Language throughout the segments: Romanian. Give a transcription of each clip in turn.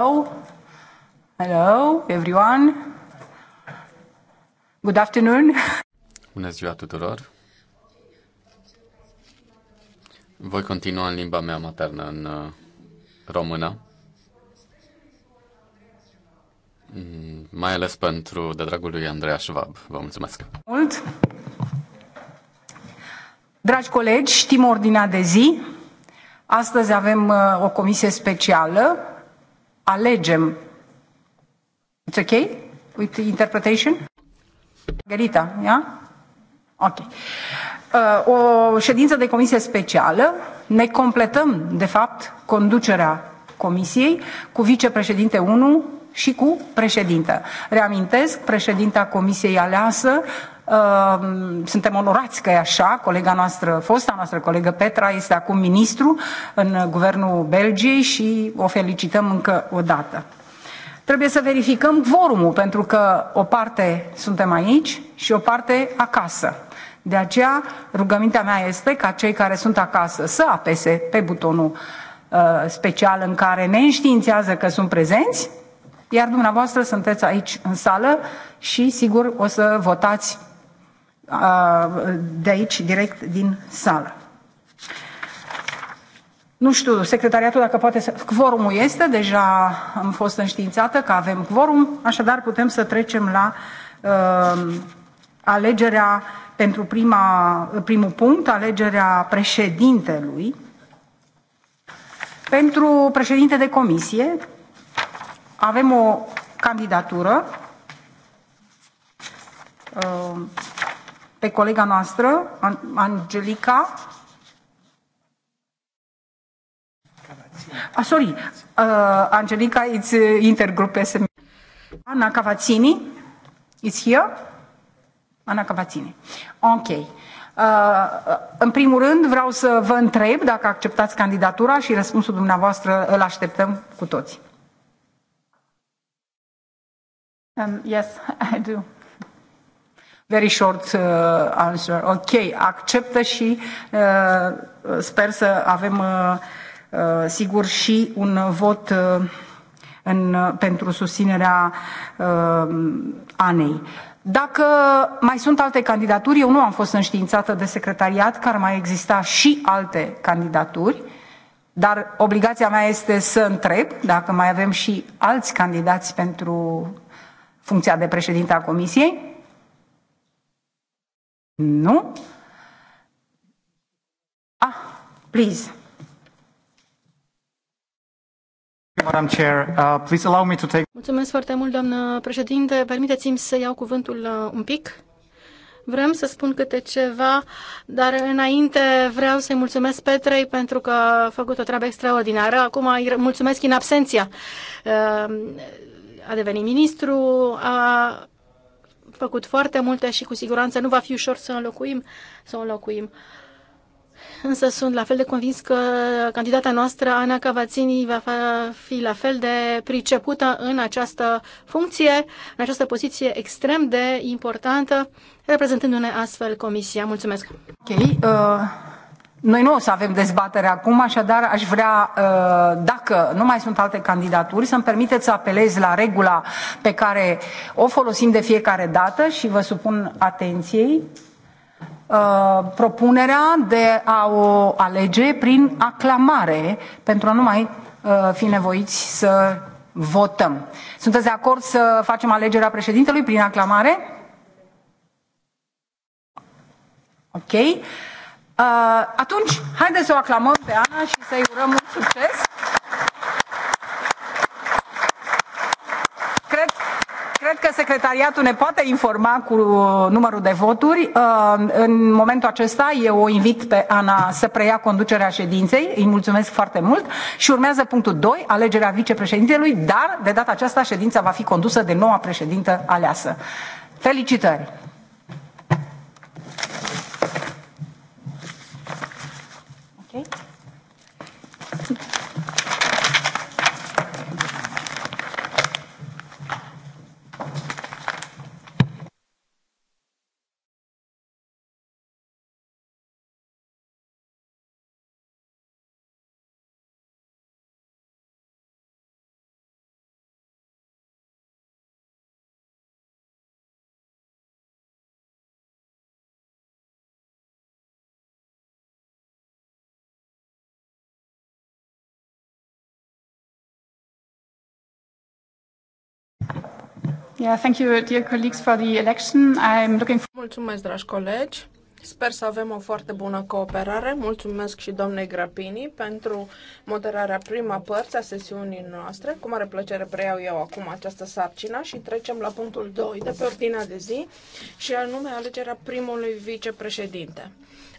Hello. Hello, everyone. Good afternoon. Bună ziua tuturor. Voi continua în limba mea maternă, în uh, română. Mm, mai ales pentru de dragul lui Andreea Schwab. Vă mulțumesc. Mult. Dragi colegi, știm ordinea de zi. Astăzi avem uh, o comisie specială alegem. It's okay with the interpretation? Margarita, yeah? Ok. Uh, o ședință de comisie specială. Ne completăm, de fapt, conducerea comisiei cu vicepreședinte 1 și cu președintă. Reamintesc, președinta comisiei aleasă Ehm, suntem onorați că e așa. Colega noastră, fosta noastră colegă Petra, este acum ministru în guvernul Belgiei și o felicităm încă o dată. Trebuie să verificăm vorumul, pentru că o parte suntem aici și o parte acasă. De aceea, rugămintea mea este ca cei care sunt acasă să apese pe butonul uh, special în care ne înștiințează că sunt prezenți, iar dumneavoastră sunteți aici în sală și, sigur, o să votați de aici, direct din sală. Nu știu, secretariatul dacă poate să... Quorumul este, deja am fost înștiințată că avem quorum, așadar putem să trecem la uh, alegerea pentru prima, primul punct, alegerea președintelui. Pentru președinte de comisie avem o candidatură. Uh, pe colega noastră, Angelica. Ah, sorry, uh, Angelica, it's uh, intergroup SM. Ana Cavazzini, it's here. Ana Cavazzini. Ok. Uh, uh, în primul rând, vreau să vă întreb dacă acceptați candidatura și răspunsul dumneavoastră îl așteptăm cu toți. Um, yes, I do. Very short uh, answer. Ok, acceptă și uh, sper să avem uh, uh, sigur și un vot uh, în, uh, pentru susținerea uh, Anei. Dacă mai sunt alte candidaturi, eu nu am fost înștiințată de secretariat că ar mai exista și alte candidaturi, dar obligația mea este să întreb dacă mai avem și alți candidați pentru funcția de președinte a Comisiei. No. Ah, please. Madam Chair, uh, please allow me to take. Mulțumesc foarte mult, doamnă președinte. Permiteți-mi să iau cuvântul uh, un pic. Vrem să spun câte ceva, dar înainte vreau să-i mulțumesc Petrei pentru că a făcut o treabă extraordinară. Acum îi mulțumesc în absenția. Uh, a devenit ministru, a făcut foarte multe și cu siguranță nu va fi ușor să înlocuim, să înlocuim. Însă sunt la fel de convins că candidata noastră, Ana Cavazzini, va fi la fel de pricepută în această funcție, în această poziție extrem de importantă, reprezentându-ne astfel Comisia. Mulțumesc! Okay, uh, noi nu o să avem dezbatere acum, așadar aș vrea, uh, dacă nu mai sunt alte candidaturi, să-mi permiteți să apelez la regula pe care o folosim de fiecare dată și vă supun atenției uh, propunerea de a o alege prin aclamare pentru a nu mai uh, fi nevoiți să votăm. Sunteți de acord să facem alegerea președintelui prin aclamare? Ok. Uh, atunci, haideți să o aclamăm pe Ana și să-i urăm mult succes. Cred, cred că secretariatul ne poate informa cu numărul de voturi. Uh, în momentul acesta eu o invit pe Ana să preia conducerea ședinței. Îi mulțumesc foarte mult. Și urmează punctul 2, alegerea vicepreședintelui, dar de data aceasta ședința va fi condusă de noua președintă aleasă. Felicitări! Yeah, thank you, dear colleagues, for the election. I'm looking for... Mulțumesc, dragi colegi. Sper să avem o foarte bună cooperare. Mulțumesc și doamnei Grapini pentru moderarea prima părți a sesiunii noastre. Cu mare plăcere preiau eu acum această sarcină și trecem la punctul 2 de pe ordinea de zi și anume alegerea primului vicepreședinte.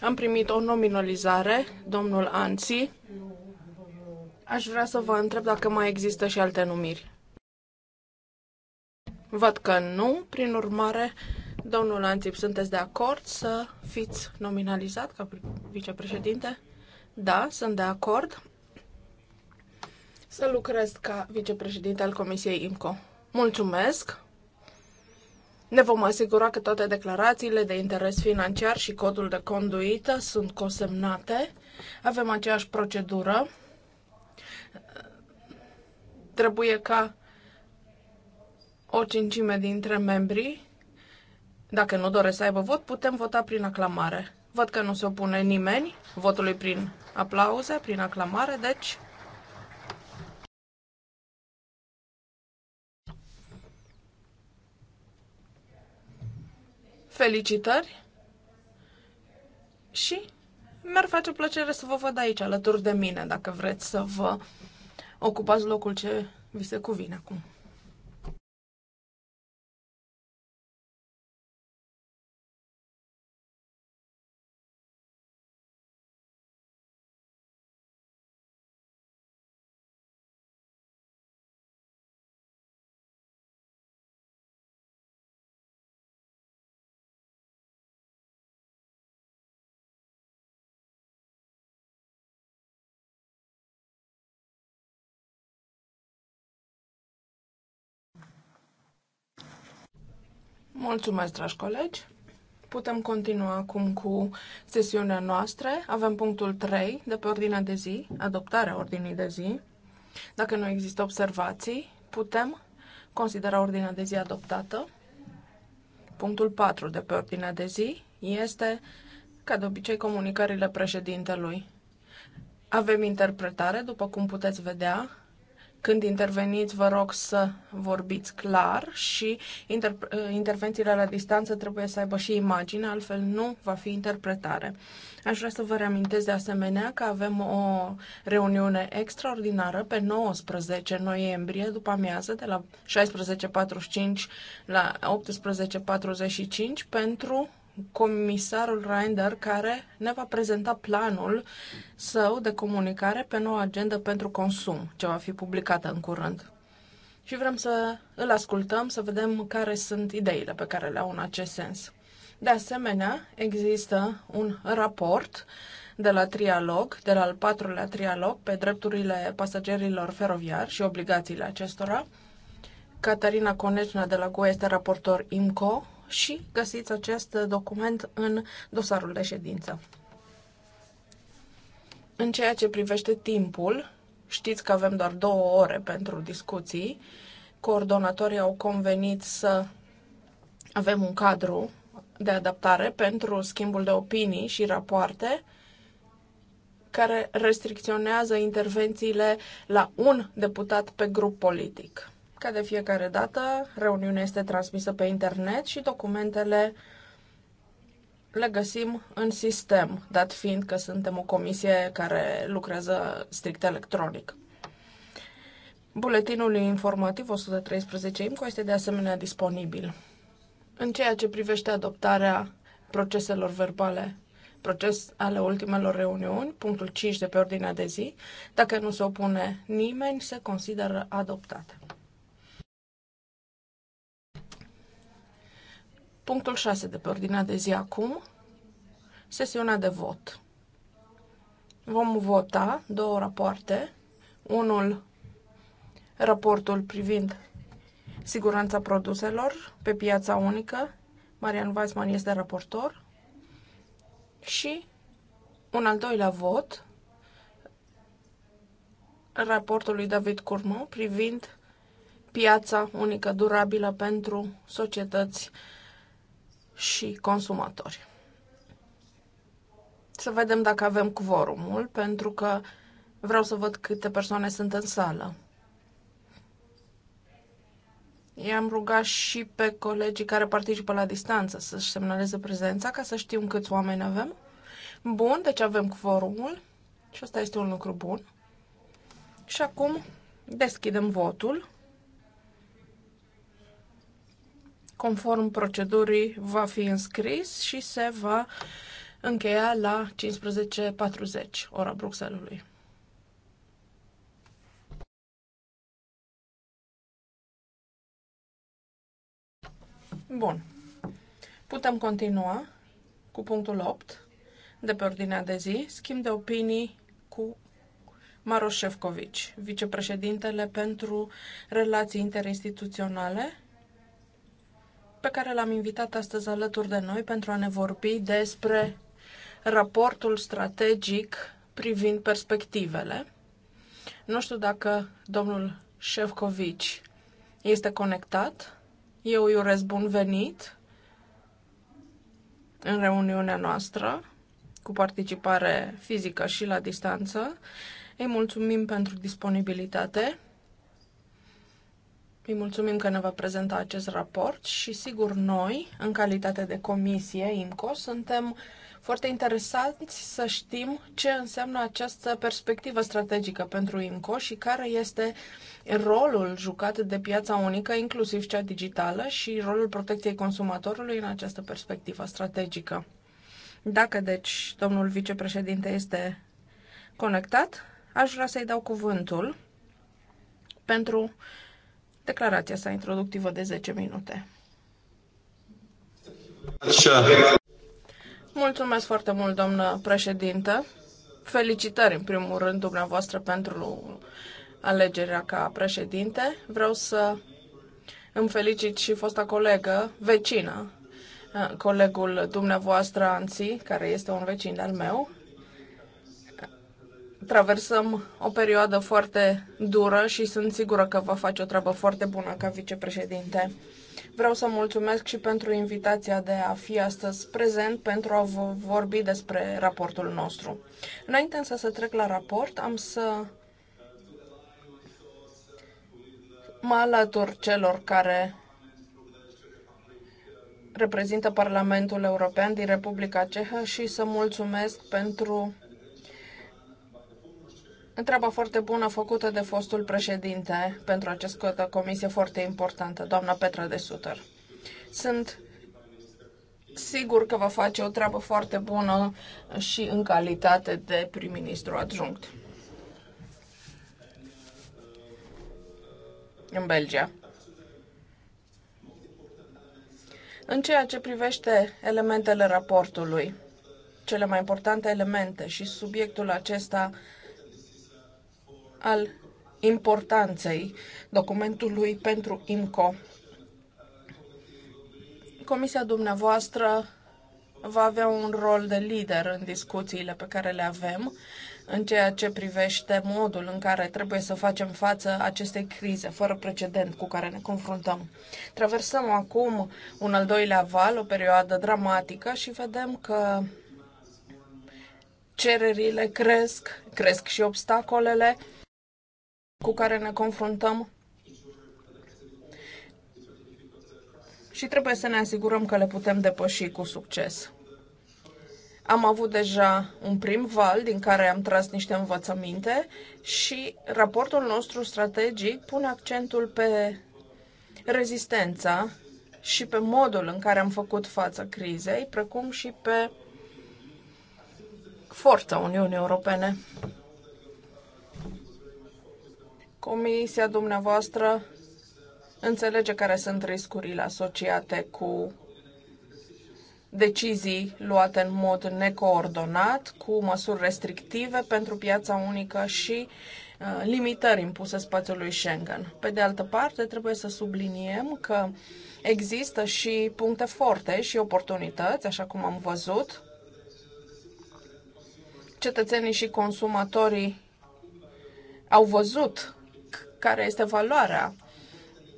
Am primit o nominalizare, domnul Anții. Aș vrea să vă întreb dacă mai există și alte numiri. Văd că nu, prin urmare, domnul Antip, sunteți de acord să fiți nominalizat ca vicepreședinte? Da, sunt de acord să lucrez ca vicepreședinte al Comisiei IMCO. Mulțumesc! Ne vom asigura că toate declarațiile de interes financiar și codul de conduită sunt consemnate. Avem aceeași procedură. Trebuie ca o cincime dintre membrii, dacă nu doresc să aibă vot, putem vota prin aclamare. Văd că nu se opune nimeni votului prin aplauze, prin aclamare, deci felicitări și mi-ar face plăcere să vă văd aici, alături de mine, dacă vreți să vă ocupați locul ce vi se cuvine acum. Mulțumesc, dragi colegi! Putem continua acum cu sesiunea noastră. Avem punctul 3 de pe ordinea de zi, adoptarea ordinii de zi. Dacă nu există observații, putem considera ordinea de zi adoptată. Punctul 4 de pe ordinea de zi este, ca de obicei, comunicările președintelui. Avem interpretare, după cum puteți vedea, când interveniți, vă rog să vorbiți clar și inter- uh, intervențiile la distanță trebuie să aibă și imagine, altfel nu va fi interpretare. Aș vrea să vă reamintesc de asemenea că avem o reuniune extraordinară pe 19 noiembrie, după amiază, de la 16.45 la 18.45 pentru comisarul Reinder, care ne va prezenta planul său de comunicare pe noua agendă pentru consum, ce va fi publicată în curând. Și vrem să îl ascultăm, să vedem care sunt ideile pe care le au în acest sens. De asemenea, există un raport de la trialog, de la al patrulea trialog, pe drepturile pasagerilor feroviari și obligațiile acestora. Catarina Conecna de la GUE este raportor IMCO, și găsiți acest document în dosarul de ședință. În ceea ce privește timpul, știți că avem doar două ore pentru discuții. Coordonatorii au convenit să avem un cadru de adaptare pentru schimbul de opinii și rapoarte care restricționează intervențiile la un deputat pe grup politic. Ca de fiecare dată, reuniunea este transmisă pe internet și documentele le găsim în sistem, dat fiind că suntem o comisie care lucrează strict electronic. Buletinul informativ 113 IMCO este de asemenea disponibil. În ceea ce privește adoptarea proceselor verbale, proces ale ultimelor reuniuni, punctul 5 de pe ordinea de zi, dacă nu se opune nimeni, se consideră adoptate. Punctul 6 de pe ordinea de zi acum, sesiunea de vot. Vom vota două rapoarte. Unul, raportul privind siguranța produselor pe piața unică. Marian Weisman este raportor. Și un al doilea vot, raportul lui David Curmo privind piața unică durabilă pentru societăți și consumatori. Să vedem dacă avem cuvorumul, pentru că vreau să văd câte persoane sunt în sală. I-am rugat și pe colegii care participă la distanță să-și semnaleze prezența ca să știm câți oameni avem. Bun, deci avem cuvorumul și asta este un lucru bun. Și acum deschidem votul. conform procedurii, va fi înscris și se va încheia la 15.40, ora Bruxellesului. Bun. Putem continua cu punctul 8 de pe ordinea de zi, schimb de opinii cu Maroș vicepreședintele pentru relații interinstituționale pe care l-am invitat astăzi alături de noi pentru a ne vorbi despre raportul strategic privind perspectivele. Nu știu dacă domnul Șefcovici este conectat. Eu îi urez bun venit în reuniunea noastră cu participare fizică și la distanță. Îi mulțumim pentru disponibilitate îi mulțumim că ne va prezenta acest raport și sigur noi, în calitate de comisie IMCO, suntem foarte interesați să știm ce înseamnă această perspectivă strategică pentru IMCO și care este rolul jucat de piața unică, inclusiv cea digitală, și rolul protecției consumatorului în această perspectivă strategică. Dacă, deci, domnul vicepreședinte este conectat, aș vrea să-i dau cuvântul pentru declarația sa introductivă de 10 minute. Așa. Mulțumesc foarte mult, doamnă președintă. Felicitări, în primul rând, dumneavoastră pentru alegerea ca președinte. Vreau să îmi felicit și fosta colegă, vecină, eh, colegul dumneavoastră Anții, care este un vecin al meu, traversăm o perioadă foarte dură și sunt sigură că va face o treabă foarte bună ca vicepreședinte. Vreau să mulțumesc și pentru invitația de a fi astăzi prezent pentru a vorbi despre raportul nostru. Înainte însă să trec la raport, am să mă alătur celor care reprezintă Parlamentul European din Republica Cehă și să mulțumesc pentru treaba foarte bună făcută de fostul președinte pentru această comisie foarte importantă, doamna Petra de Suter. Sunt sigur că va face o treabă foarte bună și în calitate de prim-ministru adjunct în Belgia. În ceea ce privește elementele raportului, cele mai importante elemente și subiectul acesta al importanței documentului pentru IMCO. Comisia dumneavoastră va avea un rol de lider în discuțiile pe care le avem în ceea ce privește modul în care trebuie să facem față acestei crize fără precedent cu care ne confruntăm. Traversăm acum un al doilea val, o perioadă dramatică și vedem că cererile cresc, cresc și obstacolele cu care ne confruntăm și trebuie să ne asigurăm că le putem depăși cu succes. Am avut deja un prim val din care am tras niște învățăminte și raportul nostru strategic pune accentul pe rezistența și pe modul în care am făcut față crizei, precum și pe forța Uniunii Europene. Comisia dumneavoastră înțelege care sunt riscurile asociate cu decizii luate în mod necoordonat, cu măsuri restrictive pentru piața unică și uh, limitări impuse spațiului Schengen. Pe de altă parte, trebuie să subliniem că există și puncte forte și oportunități, așa cum am văzut. Cetățenii și consumatorii au văzut care este valoarea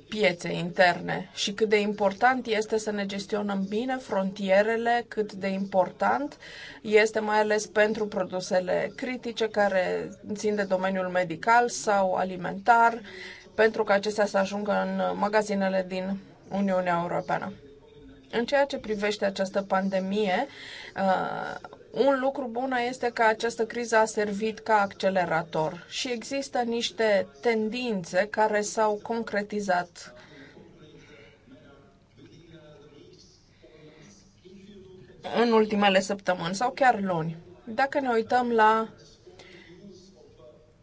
pieței interne și cât de important este să ne gestionăm bine frontierele, cât de important este mai ales pentru produsele critice care țin de domeniul medical sau alimentar, pentru că acestea să ajungă în magazinele din Uniunea Europeană. În ceea ce privește această pandemie, uh, un lucru bun este că această criză a servit ca accelerator și există niște tendințe care s-au concretizat în ultimele săptămâni sau chiar luni. Dacă ne uităm la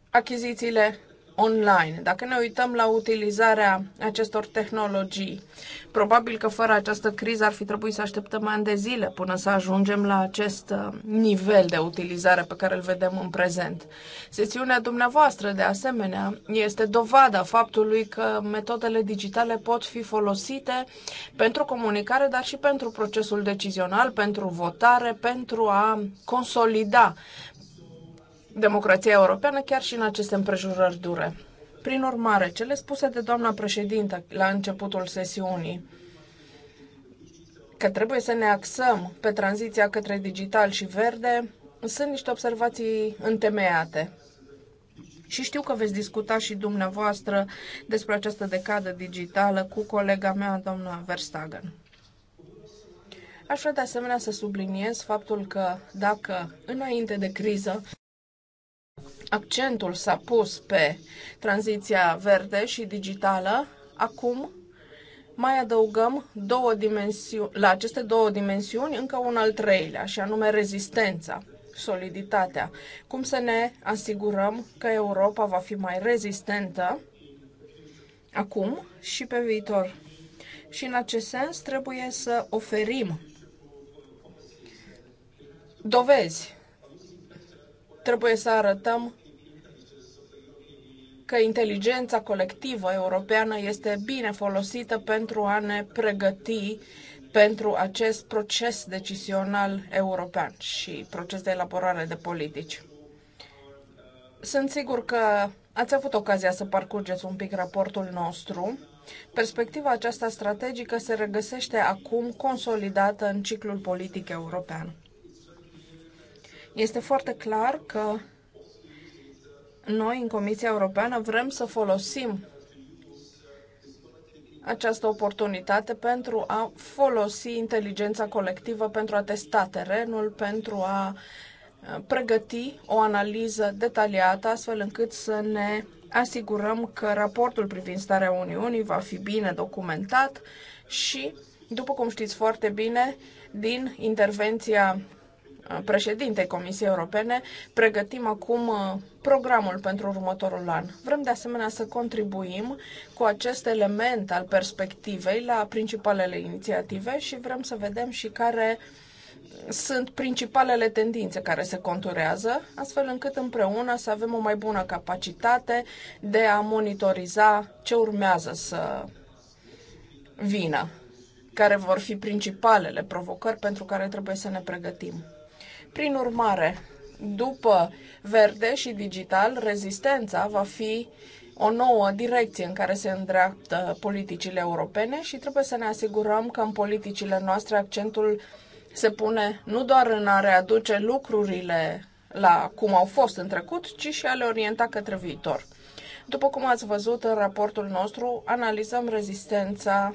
achizițiile online. Dacă ne uităm la utilizarea acestor tehnologii, probabil că fără această criză ar fi trebuit să așteptăm ani de zile până să ajungem la acest uh, nivel de utilizare pe care îl vedem în prezent. Sesiunea dumneavoastră, de asemenea, este dovada faptului că metodele digitale pot fi folosite pentru comunicare, dar și pentru procesul decizional, pentru votare, pentru a consolida democrația europeană chiar și în aceste împrejurări dure. Prin urmare, cele spuse de doamna președintă la începutul sesiunii, că trebuie să ne axăm pe tranziția către digital și verde, sunt niște observații întemeiate. Și știu că veți discuta și dumneavoastră despre această decadă digitală cu colega mea, doamna Verstagen. Aș vrea de asemenea să subliniez faptul că dacă înainte de criză accentul s-a pus pe tranziția verde și digitală, acum mai adăugăm două la aceste două dimensiuni încă un al treilea, și anume rezistența, soliditatea. Cum să ne asigurăm că Europa va fi mai rezistentă acum și pe viitor? Și în acest sens trebuie să oferim dovezi Trebuie să arătăm că inteligența colectivă europeană este bine folosită pentru a ne pregăti pentru acest proces decisional european și proces de elaborare de politici. Sunt sigur că ați avut ocazia să parcurgeți un pic raportul nostru. Perspectiva aceasta strategică se regăsește acum consolidată în ciclul politic european. Este foarte clar că noi, în Comisia Europeană, vrem să folosim această oportunitate pentru a folosi inteligența colectivă pentru a testa terenul, pentru a pregăti o analiză detaliată, astfel încât să ne asigurăm că raportul privind starea Uniunii va fi bine documentat și, după cum știți foarte bine, din intervenția președintei Comisiei Europene, pregătim acum programul pentru următorul an. Vrem de asemenea să contribuim cu acest element al perspectivei la principalele inițiative și vrem să vedem și care sunt principalele tendințe care se conturează, astfel încât împreună să avem o mai bună capacitate de a monitoriza ce urmează să vină, care vor fi principalele provocări pentru care trebuie să ne pregătim. Prin urmare, după verde și digital, rezistența va fi o nouă direcție în care se îndreaptă politicile europene și trebuie să ne asigurăm că în politicile noastre accentul se pune nu doar în a readuce lucrurile la cum au fost în trecut, ci și a le orienta către viitor. După cum ați văzut în raportul nostru, analizăm rezistența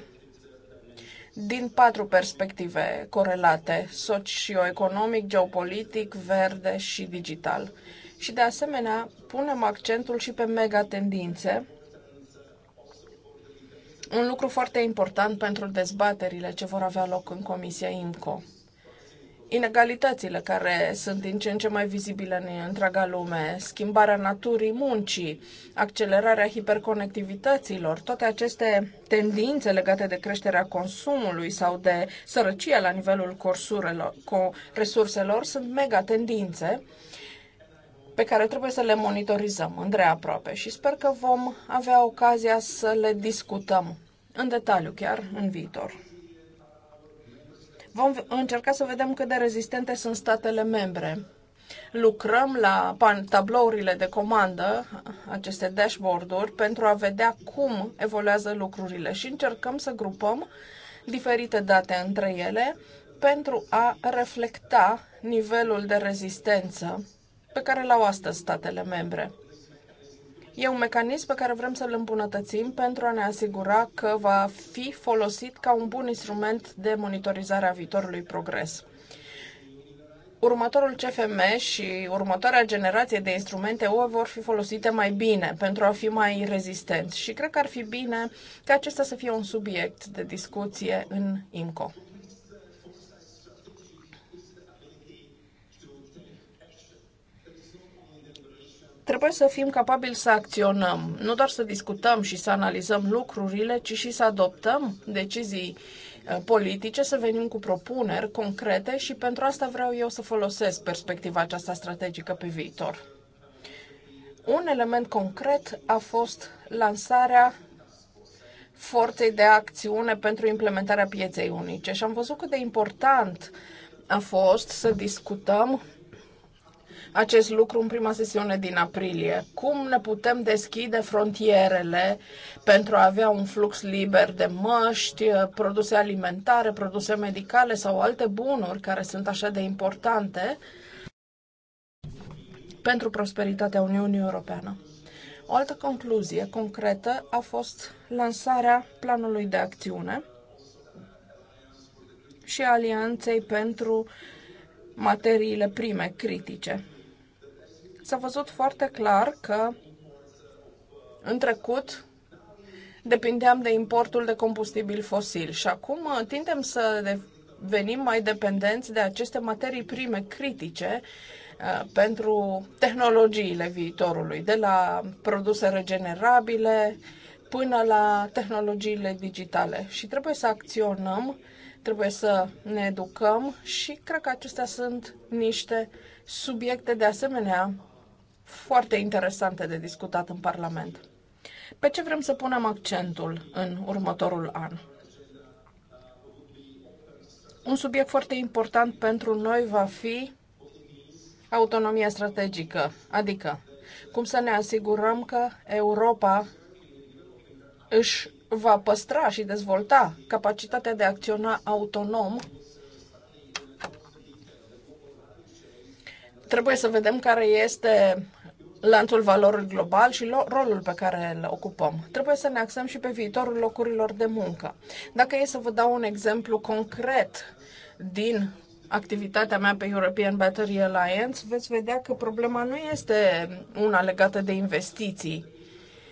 din patru perspective corelate, socioeconomic, geopolitic, verde și digital. Și de asemenea, punem accentul și pe megatendințe, un lucru foarte important pentru dezbaterile ce vor avea loc în Comisia IMCO inegalitățile care sunt din ce în ce mai vizibile în întreaga lume, schimbarea naturii muncii, accelerarea hiperconectivităților, toate aceste tendințe legate de creșterea consumului sau de sărăcia la nivelul resurselor sunt mega tendințe pe care trebuie să le monitorizăm îndreaproape și sper că vom avea ocazia să le discutăm în detaliu chiar în viitor. Vom încerca să vedem cât de rezistente sunt statele membre. Lucrăm la tablourile de comandă, aceste dashboard-uri, pentru a vedea cum evoluează lucrurile și încercăm să grupăm diferite date între ele pentru a reflecta nivelul de rezistență pe care l-au astăzi statele membre. E un mecanism pe care vrem să-l îmbunătățim pentru a ne asigura că va fi folosit ca un bun instrument de monitorizare a viitorului progres. Următorul CFM și următoarea generație de instrumente UE vor fi folosite mai bine pentru a fi mai rezistenți și cred că ar fi bine ca acesta să fie un subiect de discuție în IMCO. Trebuie să fim capabili să acționăm, nu doar să discutăm și să analizăm lucrurile, ci și să adoptăm decizii uh, politice, să venim cu propuneri concrete și pentru asta vreau eu să folosesc perspectiva aceasta strategică pe viitor. Un element concret a fost lansarea forței de acțiune pentru implementarea pieței unice și am văzut cât de important a fost să discutăm acest lucru în prima sesiune din aprilie. Cum ne putem deschide frontierele pentru a avea un flux liber de măști, produse alimentare, produse medicale sau alte bunuri care sunt așa de importante pentru prosperitatea Uniunii Europeană. O altă concluzie concretă a fost lansarea planului de acțiune și alianței pentru materiile prime critice s-a văzut foarte clar că în trecut depindeam de importul de combustibil fosil și acum tindem să devenim mai dependenți de aceste materii prime critice uh, pentru tehnologiile viitorului, de la produse regenerabile până la tehnologiile digitale. Și trebuie să acționăm, trebuie să ne educăm și cred că acestea sunt niște subiecte de asemenea foarte interesante de discutat în Parlament. Pe ce vrem să punem accentul în următorul an? Un subiect foarte important pentru noi va fi autonomia strategică, adică cum să ne asigurăm că Europa își va păstra și dezvolta capacitatea de a acționa autonom. Trebuie să vedem care este lanțul valorilor global și rolul pe care îl ocupăm. Trebuie să ne axăm și pe viitorul locurilor de muncă. Dacă e să vă dau un exemplu concret din activitatea mea pe European Battery Alliance, veți vedea că problema nu este una legată de investiții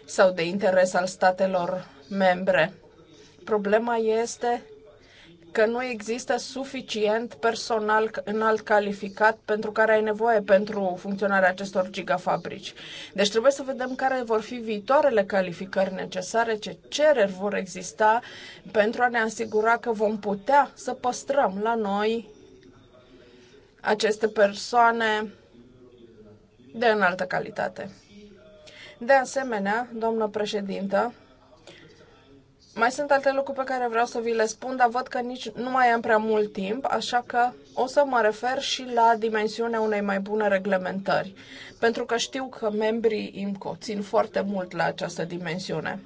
sau de interes al statelor membre. Problema este că nu există suficient personal înalt calificat pentru care ai nevoie pentru funcționarea acestor gigafabrici. Deci trebuie să vedem care vor fi viitoarele calificări necesare, ce cereri vor exista pentru a ne asigura că vom putea să păstrăm la noi aceste persoane de înaltă calitate. De asemenea, doamnă președintă, mai sunt alte lucruri pe care vreau să vi le spun, dar văd că nici nu mai am prea mult timp, așa că o să mă refer și la dimensiunea unei mai bune reglementări, pentru că știu că membrii IMCO țin foarte mult la această dimensiune.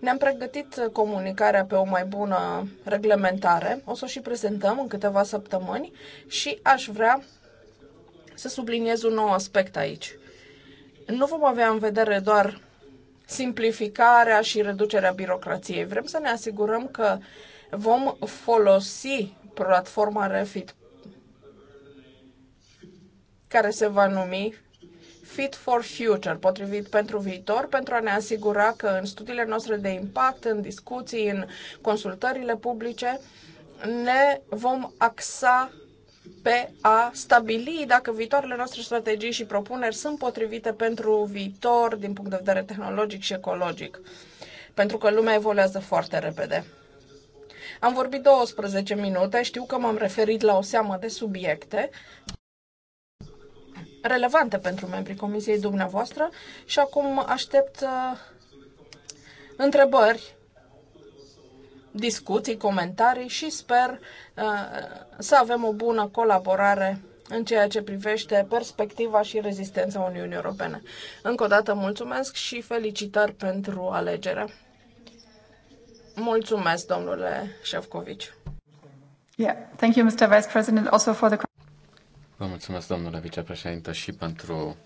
Ne-am pregătit comunicarea pe o mai bună reglementare, o să o și prezentăm în câteva săptămâni și aș vrea să subliniez un nou aspect aici. Nu vom avea în vedere doar simplificarea și reducerea birocrației. Vrem să ne asigurăm că vom folosi platforma Refit care se va numi Fit for Future, potrivit pentru viitor, pentru a ne asigura că în studiile noastre de impact, în discuții, în consultările publice, ne vom axa pe a stabili dacă viitoarele noastre strategii și propuneri sunt potrivite pentru viitor din punct de vedere tehnologic și ecologic, pentru că lumea evoluează foarte repede. Am vorbit 12 minute, știu că m-am referit la o seamă de subiecte relevante pentru membrii comisiei dumneavoastră și acum aștept uh, întrebări discuții, comentarii și sper uh, să avem o bună colaborare în ceea ce privește perspectiva și rezistența Uniunii Europene. Încă o dată mulțumesc și felicitări pentru alegere. Mulțumesc, domnule Șefcovici. Yeah, thank you, Mr. Vice President, also for the... Vă mulțumesc, domnule vicepreședinte, și pentru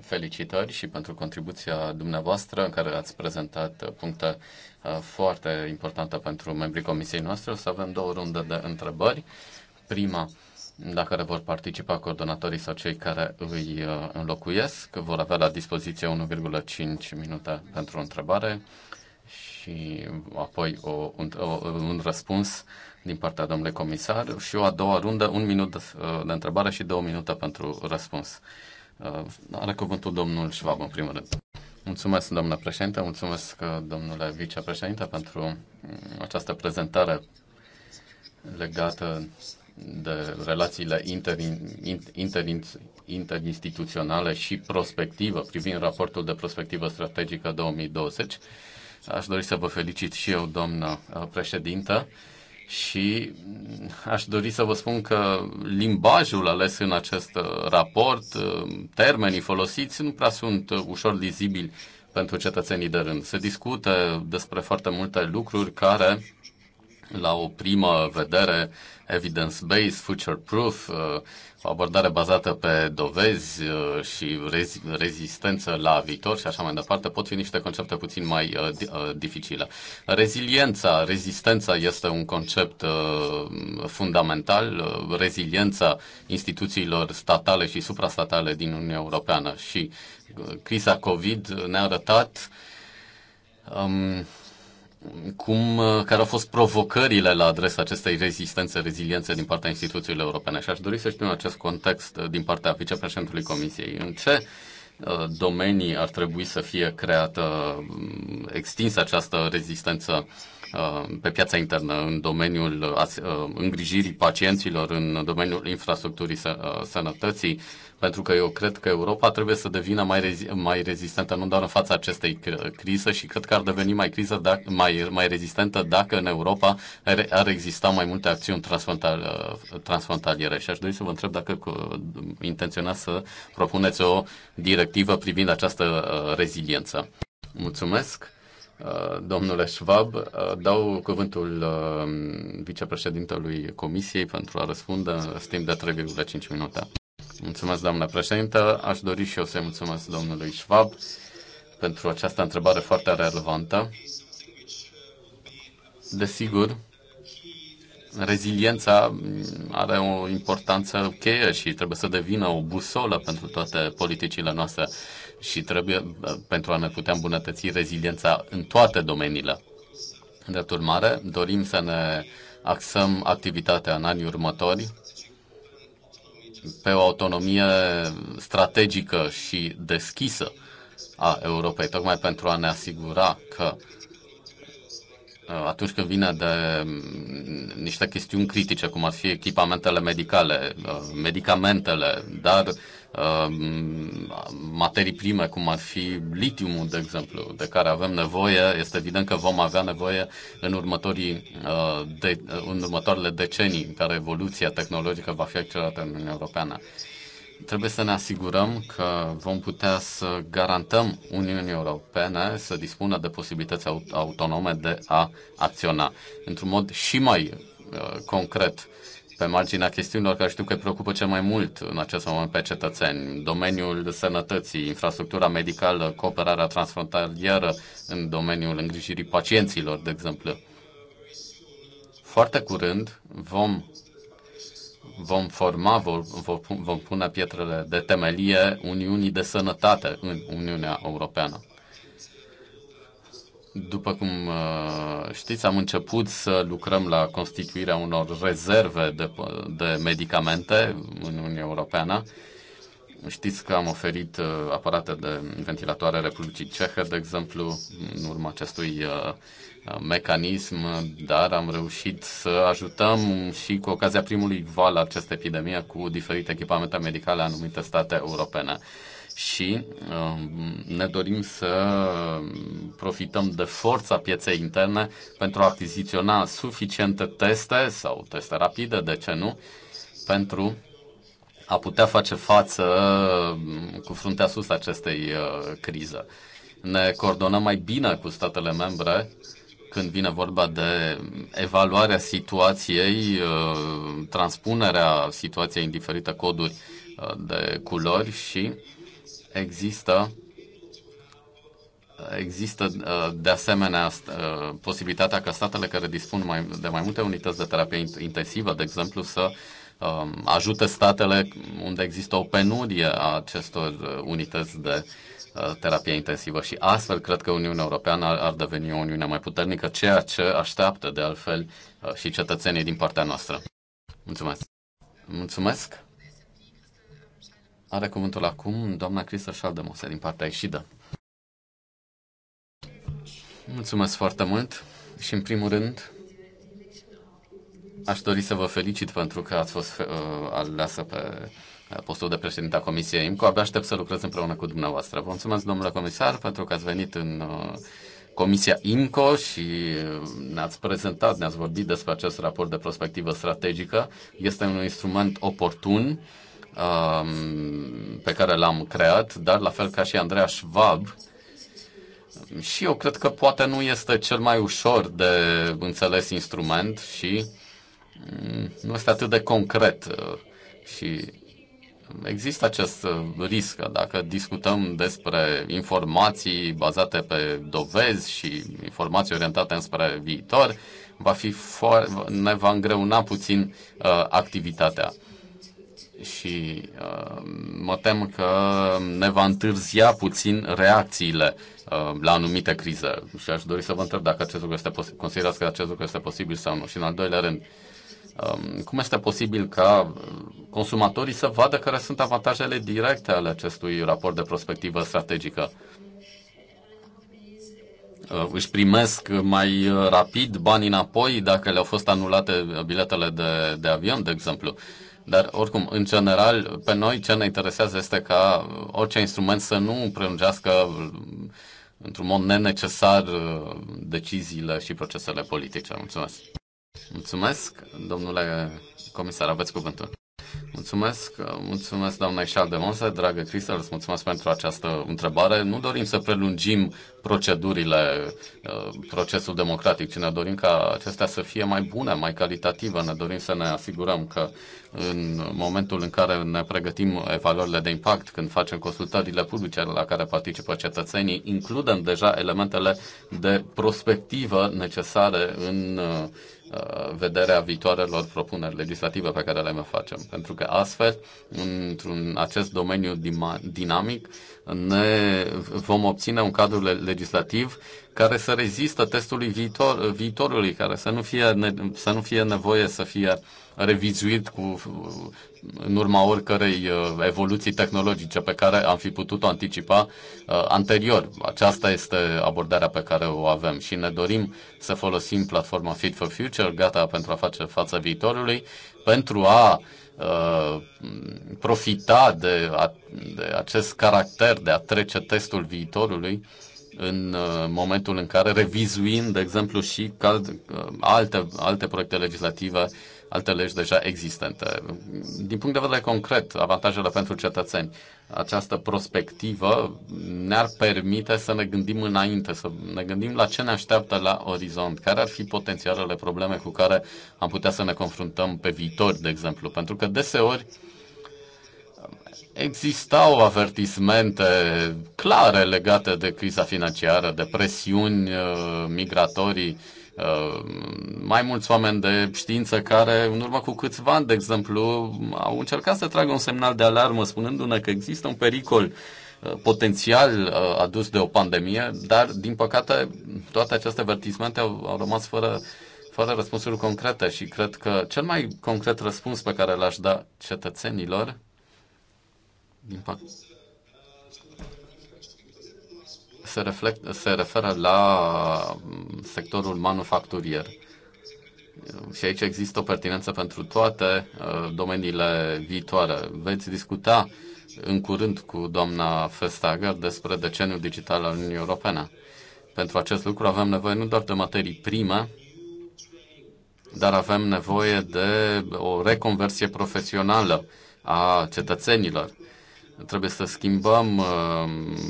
felicitări și pentru contribuția dumneavoastră în care ați prezentat uh, puncte uh, foarte importante pentru membrii comisiei noastre. O să avem două runde de întrebări. Prima, dacă care vor participa coordonatorii sau cei care îi uh, înlocuiesc, vor avea la dispoziție 1,5 minute pentru o întrebare și apoi o, un, o, un răspuns din partea domnului comisar și o a doua rundă, un minut de, de întrebare și două minute pentru răspuns. Uh, are cuvântul domnul Șvab, în primul rând. Mulțumesc, domnule președinte, mulțumesc, uh, domnule vicepreședinte, pentru mm, această prezentare legată de relațiile inter, inter, interinstituționale și prospectivă privind raportul de prospectivă strategică 2020. Aș dori să vă felicit și eu, doamnă uh, președintă și aș dori să vă spun că limbajul ales în acest raport, termenii folosiți nu prea sunt ușor lizibili pentru cetățenii de rând. Se discută despre foarte multe lucruri care la o primă vedere evidence-based, future-proof, uh, o abordare bazată pe dovezi uh, și rezistență la viitor și așa mai departe, pot fi niște concepte puțin mai uh, dificile. Reziliența, rezistența este un concept fundamental, reziliența instituțiilor statale și suprastatale din Uniunea Europeană și criza COVID ne-a arătat um, cum, uh, care au fost provocările la adresa acestei rezistențe, reziliențe din partea instituțiilor europene. Și aș dori să știu în acest context uh, din partea vicepreședintului Comisiei în ce uh, domenii ar trebui să fie creată, mm, extinsă această rezistență pe piața internă, în domeniul îngrijirii pacienților, în domeniul infrastructurii sănătății, pentru că eu cred că Europa trebuie să devină mai, rezi- mai rezistentă, nu doar în fața acestei crize și cred că ar deveni mai, criză dacă, mai, mai rezistentă dacă în Europa ar, ar exista mai multe acțiuni transfrontaliere. Și aș dori să vă întreb dacă intenționați să propuneți o directivă privind această uh, reziliență. Mulțumesc! Uh, domnule Schwab. Uh, dau cuvântul vicepreședintelui Comisiei pentru a răspunde timp de 3,5 minute. Mulțumesc, doamna președintă. Aș dori și eu să-i mulțumesc domnului Schwab pentru această întrebare foarte relevantă. Desigur, reziliența are o importanță cheie și trebuie să devină o busolă pentru toate politicile noastre și trebuie pentru a ne putea îmbunătăți reziliența în toate domeniile. De urmare, dorim să ne axăm activitatea în anii următori pe o autonomie strategică și deschisă a Europei, tocmai pentru a ne asigura că Uh, atunci când vine de mm, niște chestiuni critice, cum ar fi echipamentele medicale, uh, medicamentele, dar uh, mm, materii prime, cum ar fi litiumul, de exemplu, de care avem nevoie, este evident că vom avea nevoie în, următorii, în următoarele decenii în care evoluția tehnologică va fi accelerată în Uniunea Europeană trebuie să ne asigurăm că vom putea să garantăm Uniunii Europene să dispună de posibilități autonome de a acționa într-un mod și mai uh, concret pe marginea chestiunilor care știu că preocupă cel mai mult în acest moment pe cetățeni, domeniul sănătății, infrastructura medicală, cooperarea transfrontalieră în domeniul îngrijirii pacienților, de exemplu. Foarte curând vom vom forma, vor, vor, vom pune pietrele de temelie Uniunii de Sănătate în Uniunea Europeană. După cum uh, știți, am început să lucrăm la constituirea unor rezerve de, de medicamente în Uniunea Europeană. Știți că am oferit uh, aparate de ventilatoare Republicii Cehe, de exemplu, în urma acestui uh, mecanism, dar am reușit să ajutăm și cu ocazia primului val acestei epidemie cu diferite echipamente medicale anumite state europene. Și um, ne dorim să profităm de forța pieței interne pentru a achiziționa suficiente teste sau teste rapide, de ce nu, pentru a putea face față um, cu fruntea sus acestei uh, crize. Ne coordonăm mai bine cu statele membre când vine vorba de evaluarea situației, uh, transpunerea situației în diferite coduri uh, de culori și există Există uh, de asemenea posibilitatea ca statele care dispun mai, de mai multe unități de terapie intensivă, de exemplu, să um, ajute statele unde există o penurie a acestor unități de Uh, terapia intensivă și astfel cred că Uniunea Europeană ar, ar deveni o Uniune mai puternică, ceea ce așteaptă de altfel uh, și cetățenii din partea noastră. Mulțumesc! Mulțumesc! Are cuvântul acum doamna Crisă Șaldemose din partea Ișidă. Mulțumesc foarte mult și în primul rând aș dori să vă felicit pentru că ați fost uh, aleasă pe postul de președinte a Comisiei IMCO. Abia aștept să lucrez împreună cu dumneavoastră. Vă mulțumesc, domnule comisar, pentru că ați venit în uh, Comisia IMCO și uh, ne-ați prezentat, ne-ați vorbit despre acest raport de prospectivă strategică. Este un instrument oportun um, pe care l-am creat, dar la fel ca și Andreea Schwab, și eu cred că poate nu este cel mai ușor de înțeles instrument și mm, nu este atât de concret uh, și există acest uh, risc dacă discutăm despre informații bazate pe dovezi și informații orientate înspre viitor, va fi foar- ne va îngreuna puțin uh, activitatea. Și uh, mă tem că ne va întârzia puțin reacțiile uh, la anumite crize. Și aș dori să vă întreb dacă acest lucru este posibil, considerați că acest lucru este posibil sau nu. Și în al doilea rând, uh, Um, cum este posibil ca uh, consumatorii să vadă care sunt avantajele directe ale acestui raport de prospectivă strategică? Uh, își primesc mai uh, rapid banii înapoi dacă le-au fost anulate biletele de, de avion, de exemplu. Dar, oricum, în general, pe noi ce ne interesează este ca orice instrument să nu prelungească într-un mod nenecesar deciziile și procesele politice. Mulțumesc! Mulțumesc, domnule comisar, aveți cuvântul. Mulțumesc, mulțumesc doamna Ișal de Monse, dragă Cristel, îți mulțumesc pentru această întrebare. Nu dorim să prelungim procedurile, uh, procesul democratic, ci ne dorim ca acestea să fie mai bune, mai calitative. Ne dorim să ne asigurăm că în momentul în care ne pregătim evaluările de impact, când facem consultările publice la care participă cetățenii, includem deja elementele de prospectivă necesare în uh, Uh, vederea viitoarelor propuneri legislative pe care le mai facem. Pentru că astfel, într-un acest domeniu dinamic, ne vom obține un cadru legislativ care să rezistă testului viitor, viitorului, care să nu, fie, să nu fie nevoie să fie revizuit cu în urma oricărei uh, evoluții tehnologice pe care am fi putut-o anticipa uh, anterior. Aceasta este abordarea pe care o avem și ne dorim să folosim platforma Fit for Future, gata pentru a face față viitorului, pentru a uh, profita de, a, de acest caracter de a trece testul viitorului în momentul în care revizuim, de exemplu, și alte, alte proiecte legislative alte legi deja existente. Din punct de vedere concret, avantajele pentru cetățeni, această prospectivă ne-ar permite să ne gândim înainte, să ne gândim la ce ne așteaptă la orizont, care ar fi potențialele probleme cu care am putea să ne confruntăm pe viitor, de exemplu. Pentru că deseori existau avertismente clare legate de criza financiară, de presiuni uh, migratorii Uh, mai mulți oameni de știință care, în urmă cu câțiva ani, de exemplu, au încercat să tragă un semnal de alarmă spunându-ne că există un pericol uh, potențial uh, adus de o pandemie, dar, din păcate, toate aceste avertismente au, au rămas fără, fără răspunsuri concrete și cred că cel mai concret răspuns pe care l-aș da cetățenilor, din păcate, se, reflect, se referă la mm, sectorul manufacturier. Și aici există o pertinență pentru toate uh, domeniile viitoare. Veți discuta în curând cu doamna Festager despre deceniul digital al Uniunii Europene. Pentru acest lucru avem nevoie nu doar de materii prime, dar avem nevoie de o reconversie profesională a cetățenilor Trebuie să schimbăm uh,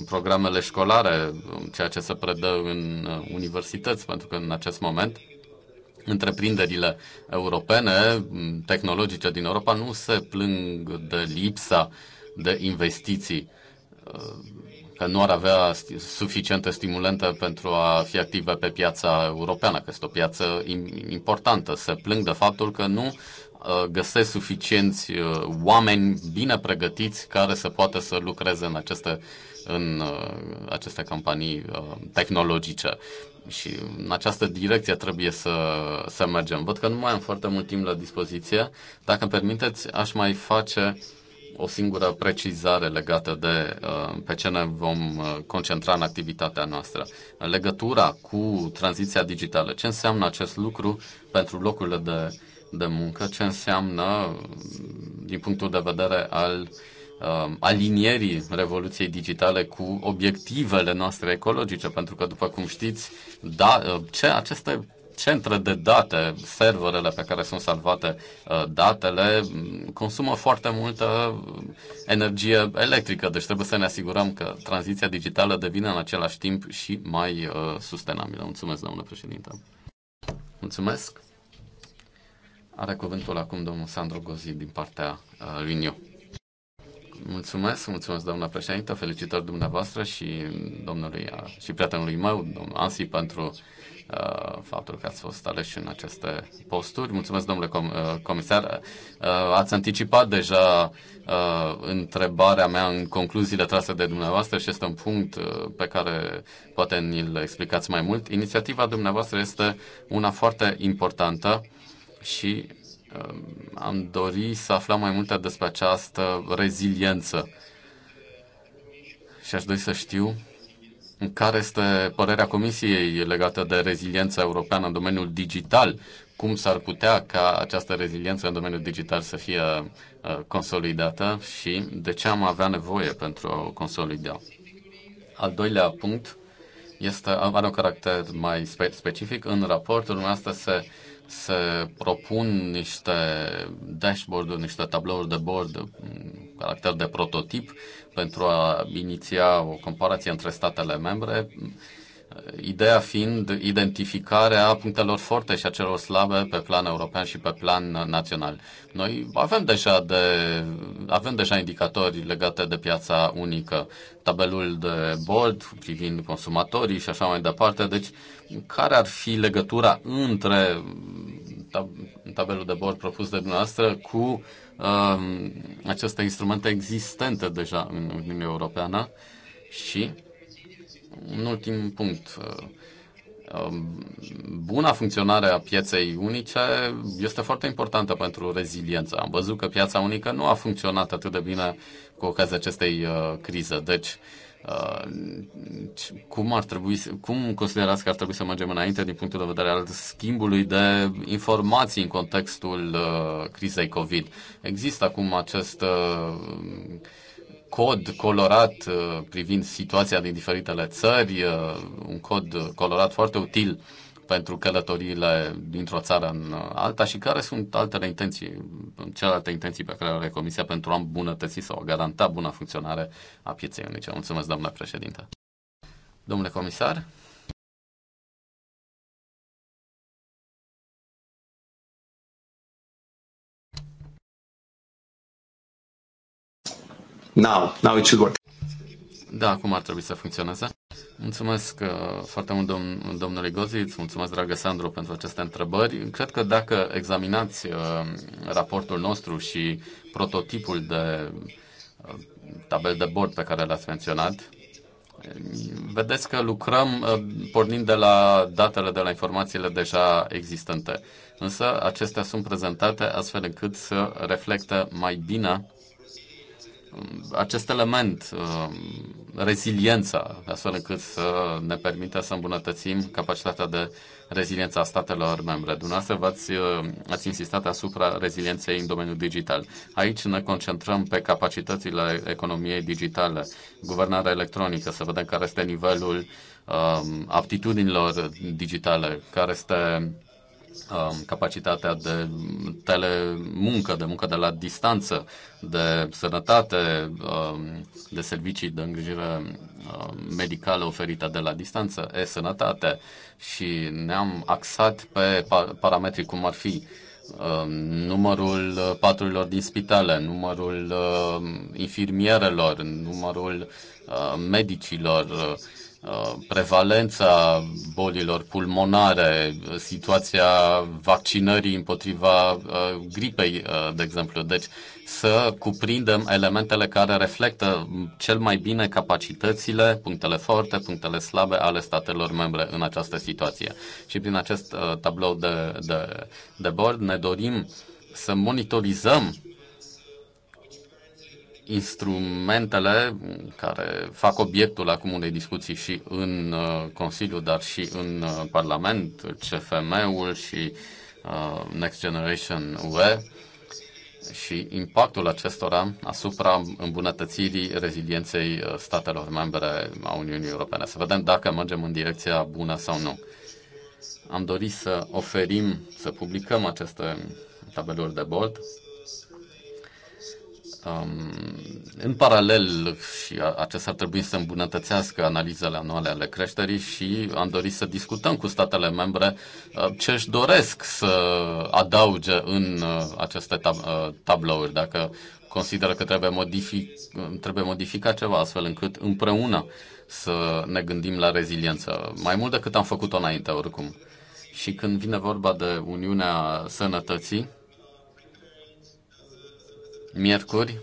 programele școlare, ceea ce se predă în uh, universități, pentru că în acest moment întreprinderile europene, mm, tehnologice din Europa, nu se plâng de lipsa de investiții, uh, că nu ar avea suficiente stimulente pentru a fi active pe piața europeană, că este o piață importantă. Se plâng de faptul că nu Uh, găsesc suficienți uh, oameni bine pregătiți care să poată să lucreze în aceste, în uh, aceste companii tehnologice. Și în această direcție trebuie să, să mergem. Văd că nu mai am foarte mult timp la dispoziție. Dacă îmi permiteți, aș mai face o singură precizare legată de pe ce ne vom concentra în activitatea noastră. Legătura cu tranziția digitală. Ce înseamnă acest lucru pentru locurile de de muncă, ce înseamnă din punctul de vedere al um, alinierii revoluției digitale cu obiectivele noastre ecologice, pentru că, după cum știți, da, uh, ce, aceste centre de date, serverele pe care sunt salvate uh, datele, mm, consumă foarte multă uh, energie electrică, deci trebuie să ne asigurăm că tranziția digitală devine în același timp și mai sustenabilă. Mulțumesc, domnule președinte. Mulțumesc. Are cuvântul acum domnul Sandro Gozi din partea uh, Liniu. Mulțumesc, mulțumesc doamna președintă, felicitări dumneavoastră și domnului uh, și prietenului meu, domnul Ansi, pentru uh, faptul că ați fost aleși în aceste posturi. Mulțumesc, domnule com- uh, comisar. Uh, ați anticipat deja uh, întrebarea mea în concluziile trase de dumneavoastră și este un punct uh, pe care poate ni-l explicați mai mult. Inițiativa dumneavoastră este una foarte importantă și um, am dori să aflăm mai multe despre această reziliență. Și aș dori să știu care este părerea Comisiei legată de reziliența europeană în domeniul digital. Cum s-ar putea ca această reziliență în domeniul digital să fie uh, consolidată și de ce am avea nevoie pentru a o consolida? Al doilea punct este, are un caracter mai specific. În raportul nostru se uh, se propun niște dashboard-uri, niște tablouri de bord mm, caracter de prototip pentru a iniția o comparație între statele membre Ideea fiind identificarea punctelor forte și a celor slabe pe plan european și pe plan național. Noi avem deja, de, avem deja indicatori legate de piața unică, tabelul de bord privind consumatorii și așa mai departe. Deci, care ar fi legătura între tab- tabelul de bord propus de dumneavoastră cu uh, aceste instrumente existente deja în Uniunea Europeană și un ultim punct. Uh, um, buna funcționare a pieței unice este foarte importantă pentru reziliență. Am văzut că piața unică nu a funcționat atât de bine cu ocazia acestei uh, crize. Deci, uh, cum ar trebui, cum considerați că ar trebui să mergem înainte din punctul de vedere al schimbului de informații în contextul crizei COVID? Există acum acest cod colorat uh, privind situația din diferitele țări, uh, un cod colorat foarte util pentru călătoriile dintr-o țară în alta și care sunt altele intenții, celelalte intenții pe care le are Comisia pentru a îmbunătăți sau a garanta buna funcționare a pieței unice. Mulțumesc, doamna președinte. Domnule comisar, Now, now it should work. Da, acum ar trebui să funcționeze. Mulțumesc uh, foarte mult, domn, domnule Goziț, mulțumesc, dragă Sandro, pentru aceste întrebări. Cred că dacă examinați uh, raportul nostru și prototipul de uh, tabel de bord pe care l-ați menționat, vedeți că lucrăm pornind de la datele, de la informațiile deja existente. Însă acestea sunt prezentate astfel încât să reflectă mai bine acest element, um, reziliența, astfel încât să ne permită să îmbunătățim capacitatea de reziliență a statelor membre. Dumneavoastră v-ați, uh, ați insistat asupra rezilienței în domeniul digital. Aici ne concentrăm pe capacitățile economiei digitale, guvernarea electronică, să vedem care este nivelul um, aptitudinilor digitale, care este Um, capacitatea de telemuncă, de muncă de la distanță, de sănătate, um, de servicii de îngrijire um, medicală oferită de la distanță, e-sănătate și ne-am axat pe parametri cum ar fi numărul paturilor din spitale, numărul infirmierelor, numărul uh, medicilor, Uh, prevalența bolilor pulmonare, situația vaccinării împotriva uh, gripei, uh, de exemplu. Deci să cuprindem elementele care reflectă cel mai bine capacitățile, punctele forte, punctele slabe ale statelor membre în această situație. Și prin acest tablou de, de, de bord ne dorim să monitorizăm instrumentele care fac obiectul acum unei discuții și în uh, Consiliu, dar și în uh, Parlament, CFM-ul și uh, Next Generation UE și impactul acestora asupra îmbunătățirii rezilienței statelor membre a Uniunii Europene. Să vedem dacă mergem în direcția bună sau nu. Am dorit să oferim, să publicăm aceste tabeluri de bord în paralel și acesta ar trebui să îmbunătățească analizele anuale ale creșterii și am dorit să discutăm cu statele membre ce își doresc să adauge în aceste tab- tablouri, dacă consideră că trebuie, modific, trebuie modificat ceva astfel încât împreună să ne gândim la reziliență, mai mult decât am făcut-o înainte oricum. Și când vine vorba de Uniunea Sănătății, Miercuri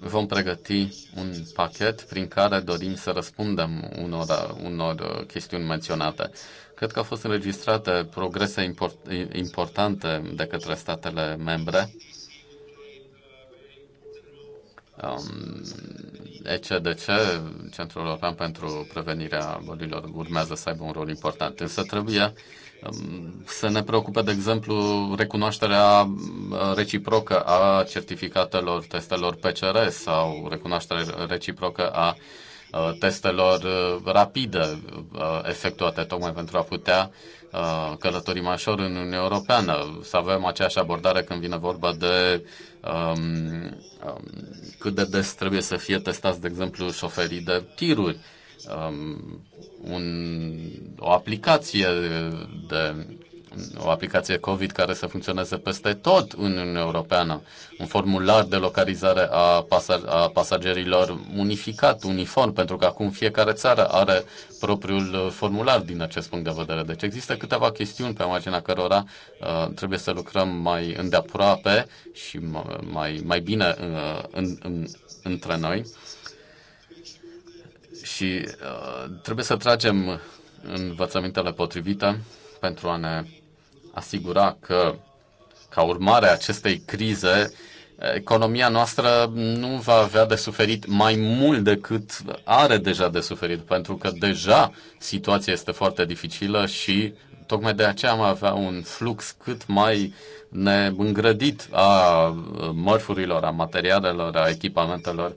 vom pregăti un pachet prin care dorim să răspundem unor, unor chestiuni menționate. Cred că au fost înregistrate progrese import, importante de către statele membre. Um, ECDC, Centrul European pentru Prevenirea Bolilor, urmează să aibă un rol important, însă trebuie să ne preocupe, de exemplu, recunoașterea uh, reciprocă a certificatelor testelor PCR sau recunoașterea reciprocă a uh, testelor uh, rapide efectuate tocmai pentru a putea călători mai ușor în Uniunea Europeană, să avem aceeași abordare când vine vorba de um, um cât de des trebuie să fie testați, de exemplu, șoferii de tiruri um, un, o aplicație de o aplicație COVID care să funcționeze peste tot în Uniunea Europeană, un formular de localizare a, pasa- a pasagerilor unificat, uniform, pentru că acum fiecare țară are propriul formular din acest punct de vedere. Deci există câteva chestiuni pe marginea cărora uh, trebuie să lucrăm mai îndeaproape și mai, mai bine uh, în, în, între noi. Uh, și uh, trebuie să tragem învățămintele potrivite pentru a ne asigura că, ca urmare a acestei crize, economia noastră nu va avea de suferit mai mult decât are deja de suferit, pentru că deja situația este foarte dificilă și tocmai de aceea am avea un flux cât mai neîngrădit a mărfurilor, a materialelor, a echipamentelor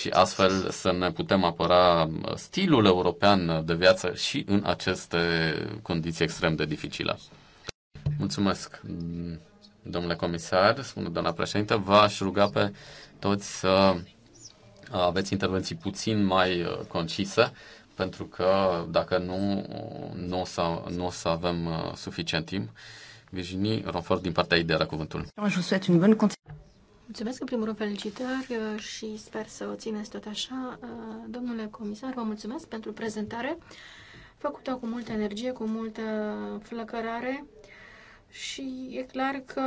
și astfel să ne putem apăra stilul european de viață și în aceste condiții extrem de dificile. Mulțumesc, domnule comisar, spune doamna președinte, v-aș ruga pe toți să aveți intervenții puțin mai uh, concise, pentru că dacă nu, nu o să, nu o să avem uh, suficient timp. Virginie Ronfort din partea ei de cuvântul. Mulțumesc în primul rând felicitări uh, și sper să o țineți tot așa. Uh, domnule comisar, vă mulțumesc pentru prezentare făcută cu multă energie, cu multă flăcărare și e clar că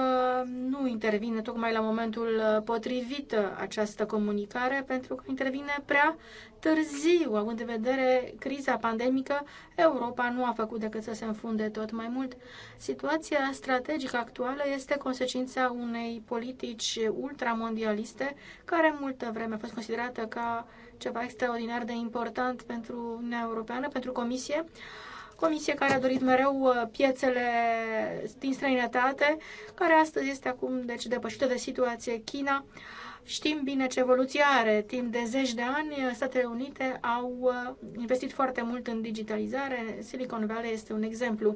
nu intervine tocmai la momentul uh, potrivit uh, această comunicare, pentru că intervine prea târziu, având în vedere criza pandemică, Europa nu a făcut decât să se înfunde tot mai mult. Situația strategică actuală este consecința unei politici ultramondialiste, care multă vreme a fost considerată ca ceva extraordinar de important pentru Uniunea Europeană, pentru Comisie. Comisie care a dorit mereu uh, piețele din străinătate, care astăzi este acum deci depășită de situație China. Știm bine ce evoluție are. Timp de zeci de ani, uh, Statele Unite au uh, investit foarte mult în digitalizare. Silicon Valley este un exemplu.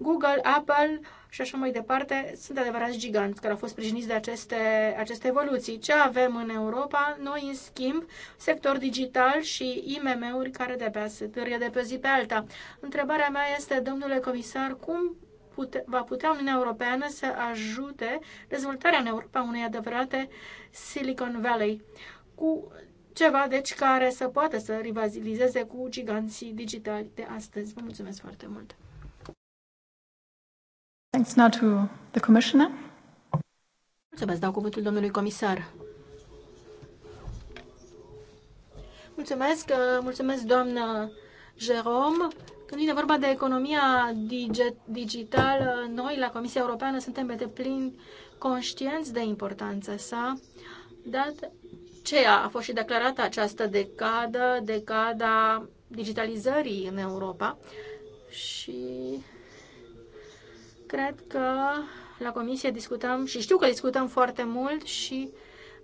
Google, Apple și așa mai departe, sunt adevărați giganți care au fost sprijiniți de aceste, aceste evoluții. Ce avem în Europa? Noi, în schimb, sector digital și IMM-uri care de pe, se târie de pe zi pe alta. Întrebarea mea este, domnule comisar, cum pute, va putea Uniunea Europeană să ajute dezvoltarea în Europa unei adevărate Silicon Valley? Cu ceva, deci, care să poată să rivalizeze cu giganții digitali de astăzi. Vă mulțumesc foarte mult! Thanks now to the commissioner. Mulțumesc, dau cuvântul domnului comisar. Mulțumesc, uh, mulțumesc doamnă Jerome. Când vine vorba de economia digitală, noi la Comisia Europeană suntem pe de deplin conștienți de importanța sa, dar ceea a fost și declarată această decadă, decada digitalizării în Europa și Cred că la comisie discutăm și știu că discutăm foarte mult și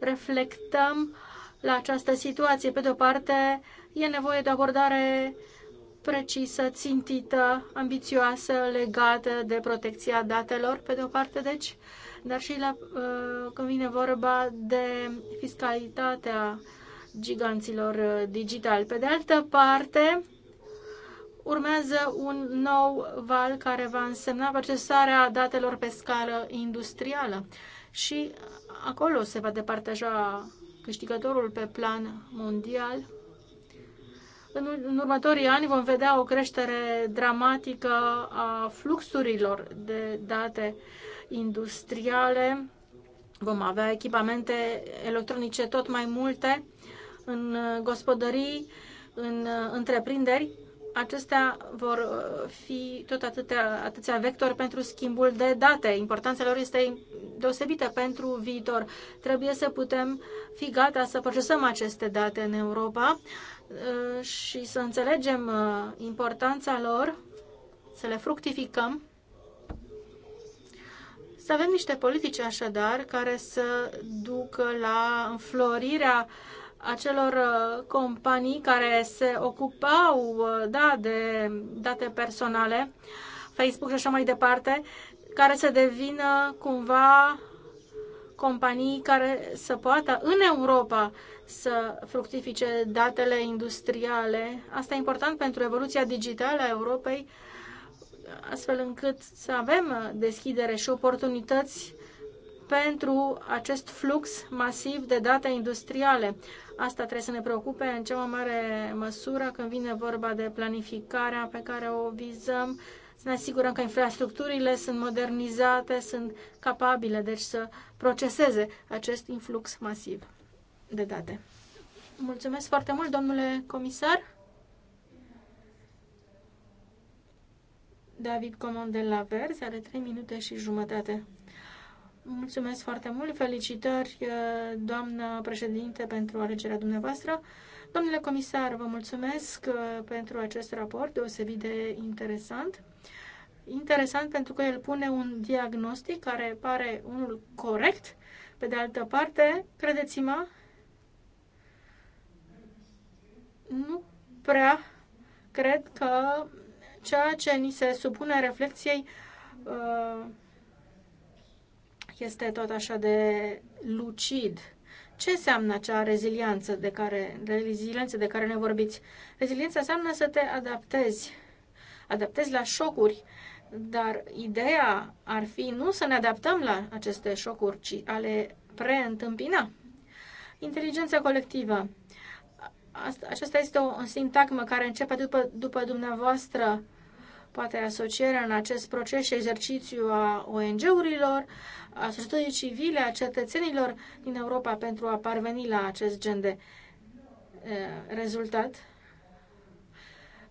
reflectăm la această situație. Pe de o parte, e nevoie de o abordare precisă, țintită, ambițioasă, legată de protecția datelor, pe de o parte, deci, dar și la, uh, când vine vorba de fiscalitatea giganților uh, digitali. Pe de altă parte, urmează un nou val care va însemna procesarea datelor pe scară industrială și acolo se va departaja câștigătorul pe plan mondial. în următorii ani vom vedea o creștere dramatică a fluxurilor de date industriale. Vom avea echipamente electronice tot mai multe în uh, gospodării, în uh, întreprinderi acestea vor uh, fi tot atâtea, atâția vectori pentru schimbul de date. Importanța lor este deosebită pentru viitor. Trebuie să putem fi gata să procesăm aceste date în Europa uh, și să înțelegem uh, importanța lor, să le fructificăm. Să avem niște politici așadar care să ducă la înflorirea uh, acelor uh, companii care se ocupau uh, da, de date personale, Facebook și așa mai departe, care să devină cumva companii care să poată în Europa să fructifice datele industriale. Asta e important pentru evoluția digitală a Europei, astfel încât să avem deschidere și oportunități pentru acest flux masiv de date industriale. Asta trebuie să ne preocupe în cea mai mare măsură când vine vorba de planificarea pe care o vizăm, să ne asigurăm că infrastructurile sunt modernizate, sunt capabile, deci să proceseze acest influx masiv de date. Mulțumesc foarte mult, domnule comisar. David Comon de la Verzi are 3 minute și jumătate. Mulțumesc foarte mult. Felicitări, uh, doamnă președinte, pentru alegerea dumneavoastră. Domnule comisar, vă mulțumesc uh, pentru acest raport deosebit de interesant. Interesant pentru că el pune un diagnostic care pare unul corect. Pe de altă parte, credeți-mă, nu prea cred că ceea ce ni se supune reflexiei uh, este tot așa de lucid. Ce înseamnă acea reziliență de care, reziliență de care ne vorbiți? Reziliența înseamnă să te adaptezi, adaptezi la șocuri, dar ideea ar fi nu să ne adaptăm la aceste șocuri, ci a le preîntâmpina. Inteligența colectivă. Aceasta este o sintagmă care începe după, după dumneavoastră poate asocierea în acest proces și exercițiu a ONG-urilor, a societății civile, a cetățenilor din Europa pentru a parveni la acest gen de rezultat.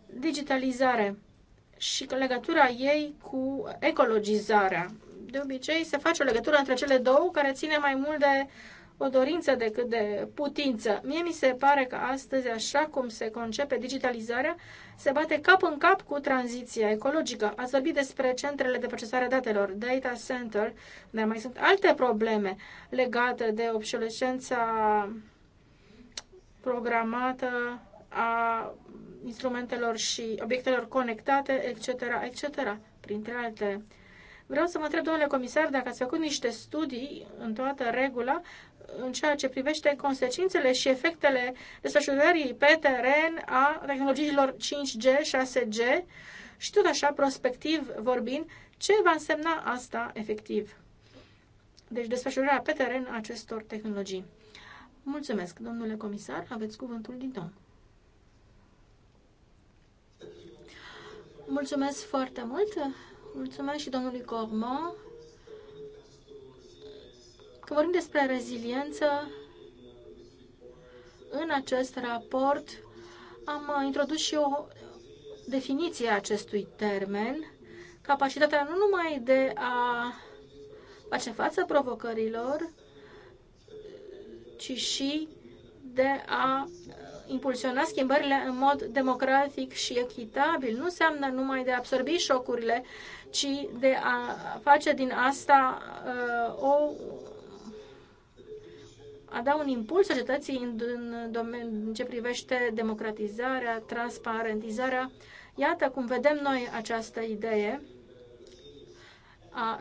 Digitalizare și legătura ei cu ecologizarea. De obicei se face o legătură între cele două care ține mai mult de o dorință decât de putință. Mie mi se pare că astăzi, așa cum se concepe digitalizarea, se bate cap în cap cu tranziția ecologică. Ați vorbit despre centrele de procesare a datelor, data center, dar mai sunt alte probleme legate de obsolescența programată a instrumentelor și obiectelor conectate, etc., etc., printre alte Vreau să mă întreb, domnule comisar, dacă ați făcut niște studii în toată regula în ceea ce privește consecințele și efectele desfășurării pe teren a tehnologiilor 5G, 6G și tot așa, prospectiv vorbind, ce va însemna asta efectiv. Deci desfășurarea pe teren a acestor tehnologii. Mulțumesc, domnule comisar, aveți cuvântul din nou. Mulțumesc foarte mult. Mulțumesc și domnului Cormont. Când vorbim despre reziliență, în acest raport am introdus și o definiție a acestui termen, capacitatea nu numai de a face față provocărilor, ci și de a impulsiona schimbările în mod democratic și echitabil. Nu înseamnă numai de a absorbi șocurile, ci de a face din asta uh, o a da un impuls societății în, în, în ce privește democratizarea, transparentizarea. Iată cum vedem noi această idee a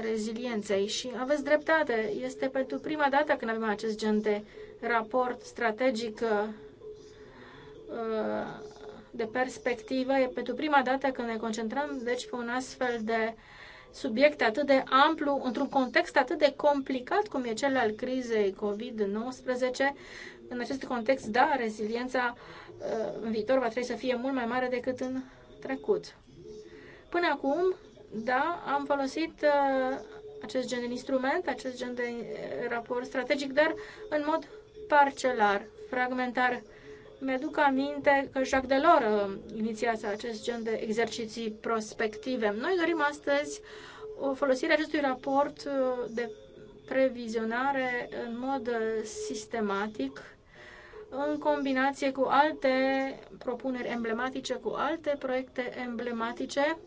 rezilienței și aveți dreptate. Este pentru prima dată când avem acest gen de raport strategic uh, de perspectivă. E pentru prima dată când ne concentrăm deci pe un astfel de uh, subiect atât de amplu, într-un context atât de complicat cum e cel al crizei COVID-19. În acest context, da, reziliența uh, în viitor va trebui să fie mult mai mare decât în trecut. Până acum, da, am folosit uh, acest gen de instrument, acest gen de uh, raport strategic, dar în mod parcelar, fragmentar mi-aduc aminte că Jacques Delors uh, inițiase acest gen de exerciții prospective. Noi dorim astăzi o folosire acestui raport uh, de previzionare în mod uh, sistematic în combinație cu alte propuneri emblematice, cu alte proiecte emblematice,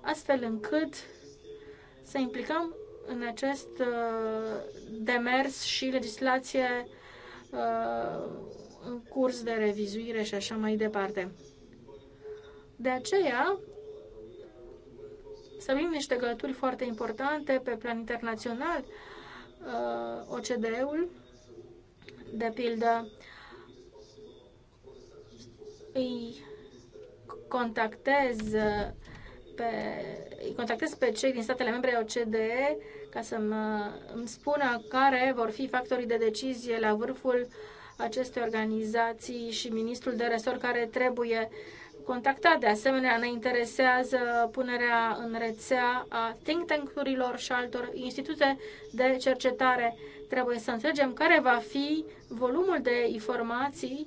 astfel încât să implicăm în acest demers și legislație Uh, în curs de revizuire și așa mai departe. De aceea, să avem niște gături foarte importante pe plan internațional. Uh, OCDE-ul, de pildă, îi contactez pe, îi contactez pe cei din statele membre OCDE ca să mă, uh, îmi spună care vor fi factorii de decizie la vârful acestei organizații și ministrul de resort care trebuie contactat. De asemenea, ne interesează punerea în rețea a think tank-urilor și altor institute de cercetare. Trebuie să înțelegem care va fi volumul de informații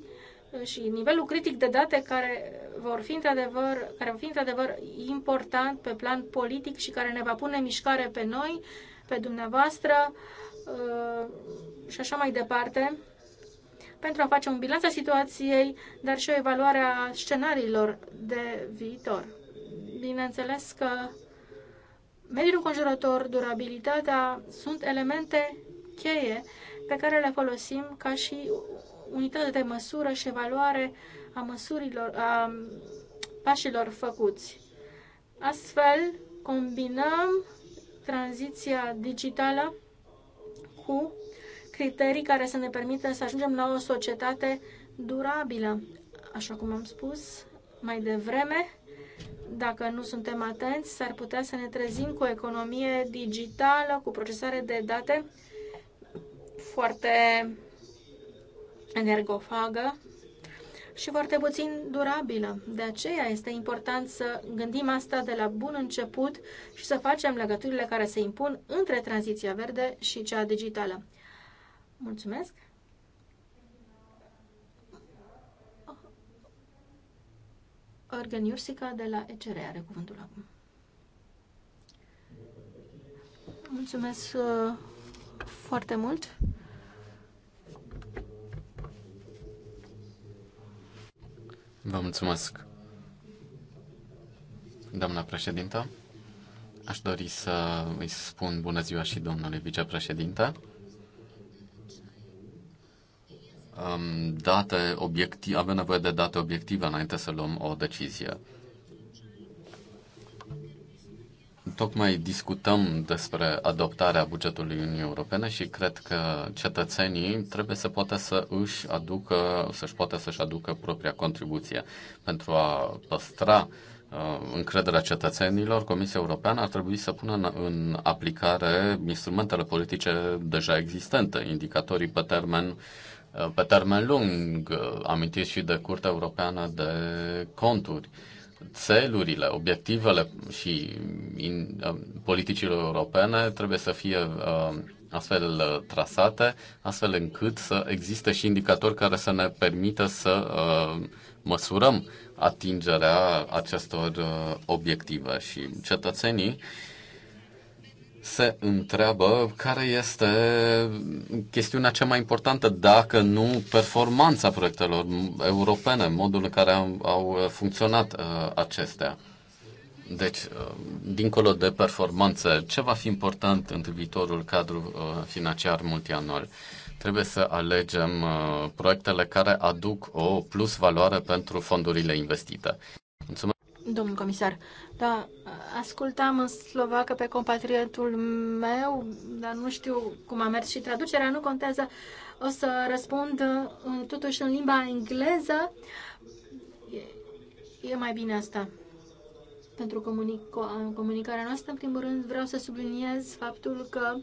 uh, și nivelul critic de date care vor fi într-adevăr, care vor fi într-adevăr important pe plan politic și care ne va pune mișcare pe noi pe dumneavoastră uh, și așa mai departe, pentru a face un bilanț a situației, dar și o evaluare a scenariilor de viitor. Bineînțeles că mediul înconjurător, durabilitatea sunt elemente cheie pe care le folosim ca și unitate de măsură și evaluare a măsurilor, a pașilor făcuți. Astfel, combinăm tranziția digitală cu criterii care să ne permită să ajungem la o societate durabilă. Așa cum am spus mai devreme, dacă nu suntem atenți, s-ar putea să ne trezim cu o economie digitală, cu procesare de date foarte energofagă și foarte puțin durabilă. De aceea este important să gândim asta de la bun început și să facem legăturile care se impun între tranziția verde și cea digitală. Mulțumesc! Organ Iursica de la ECR are cuvântul acum. Mulțumesc uh, foarte mult! Vă mulțumesc. Doamna președintă, aș dori să îi spun bună ziua și domnului vicepreședinte. Date obiective, avem nevoie de date obiective înainte să luăm o decizie. tocmai discutăm despre adoptarea bugetului Uniunii Europene și cred că cetățenii trebuie să poată să își aducă, să-și poată să-și aducă propria contribuție pentru a păstra uh, încrederea cetățenilor, Comisia Europeană ar trebui să pună în, în aplicare instrumentele politice deja existente, indicatorii pe termen uh, pe termen lung, uh, amintiți și de Curtea Europeană de Conturi. Uh, țelurile, obiectivele și in, um, politicilor europene trebuie să fie um, uh, astfel trasate, astfel încât să existe și indicatori care să ne permită să uh, măsurăm atingerea acestor uh, obiective și cetățenii uh, se întreabă care este chestiunea cea mai importantă, dacă nu performanța proiectelor europene, modul în care au, uh, funcționat uh, acestea. Deci, uh, dincolo de performanță, ce va fi important în viitorul cadru financiar multianual? Trebuie să alegem proiectele care aduc o plus valoare pentru fondurile investite. Mulțumesc! Domnul comisar, da, ascultam în slovacă pe compatriotul meu, dar nu știu cum a mers și traducerea, nu contează. O să răspund uh, totuși în limba engleză. E, e mai bine asta pentru comunic uh, comunicarea noastră. În primul rând vreau să subliniez faptul că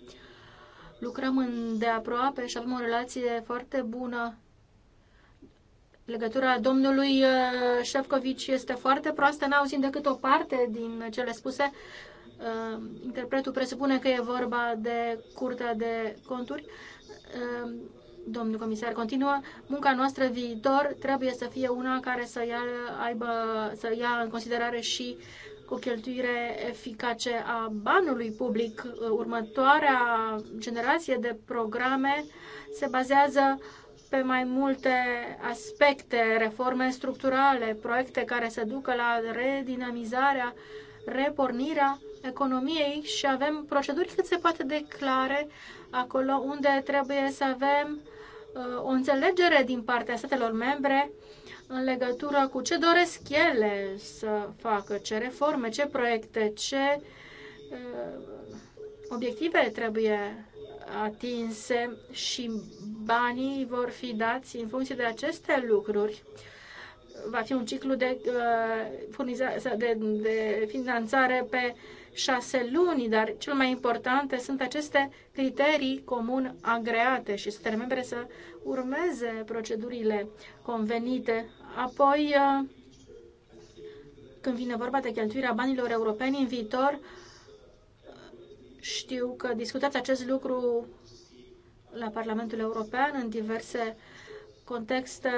lucrăm îndeaproape și avem o relație foarte bună legătura domnului uh, Șefcovici este foarte proastă, n-auzim decât o parte din cele spuse. Uh, interpretul presupune că e vorba de curtea de conturi. Uh, domnul comisar continuă, munca noastră viitor trebuie să fie una care să ia, aibă, să ia în considerare și o cheltuire eficace a banului public. Următoarea generație de programe se bazează uh, pe mai multe aspecte, reforme structurale, proiecte care se ducă la redinamizarea, repornirea economiei și avem proceduri cât se poate de clare acolo unde trebuie să avem uh, o înțelegere din partea statelor membre în legătură cu ce doresc ele să facă, ce reforme, ce proiecte, ce uh, obiective trebuie atinse și banii vor fi dați în funcție de aceste lucruri. Va fi un ciclu de, uh, de, de finanțare pe șase luni, dar cel mai important sunt aceste criterii comun agreate și statele membre să urmeze procedurile convenite. Apoi, uh, când vine vorba de cheltuirea banilor europeni în viitor, știu că discutați acest lucru la Parlamentul European în diverse contexte.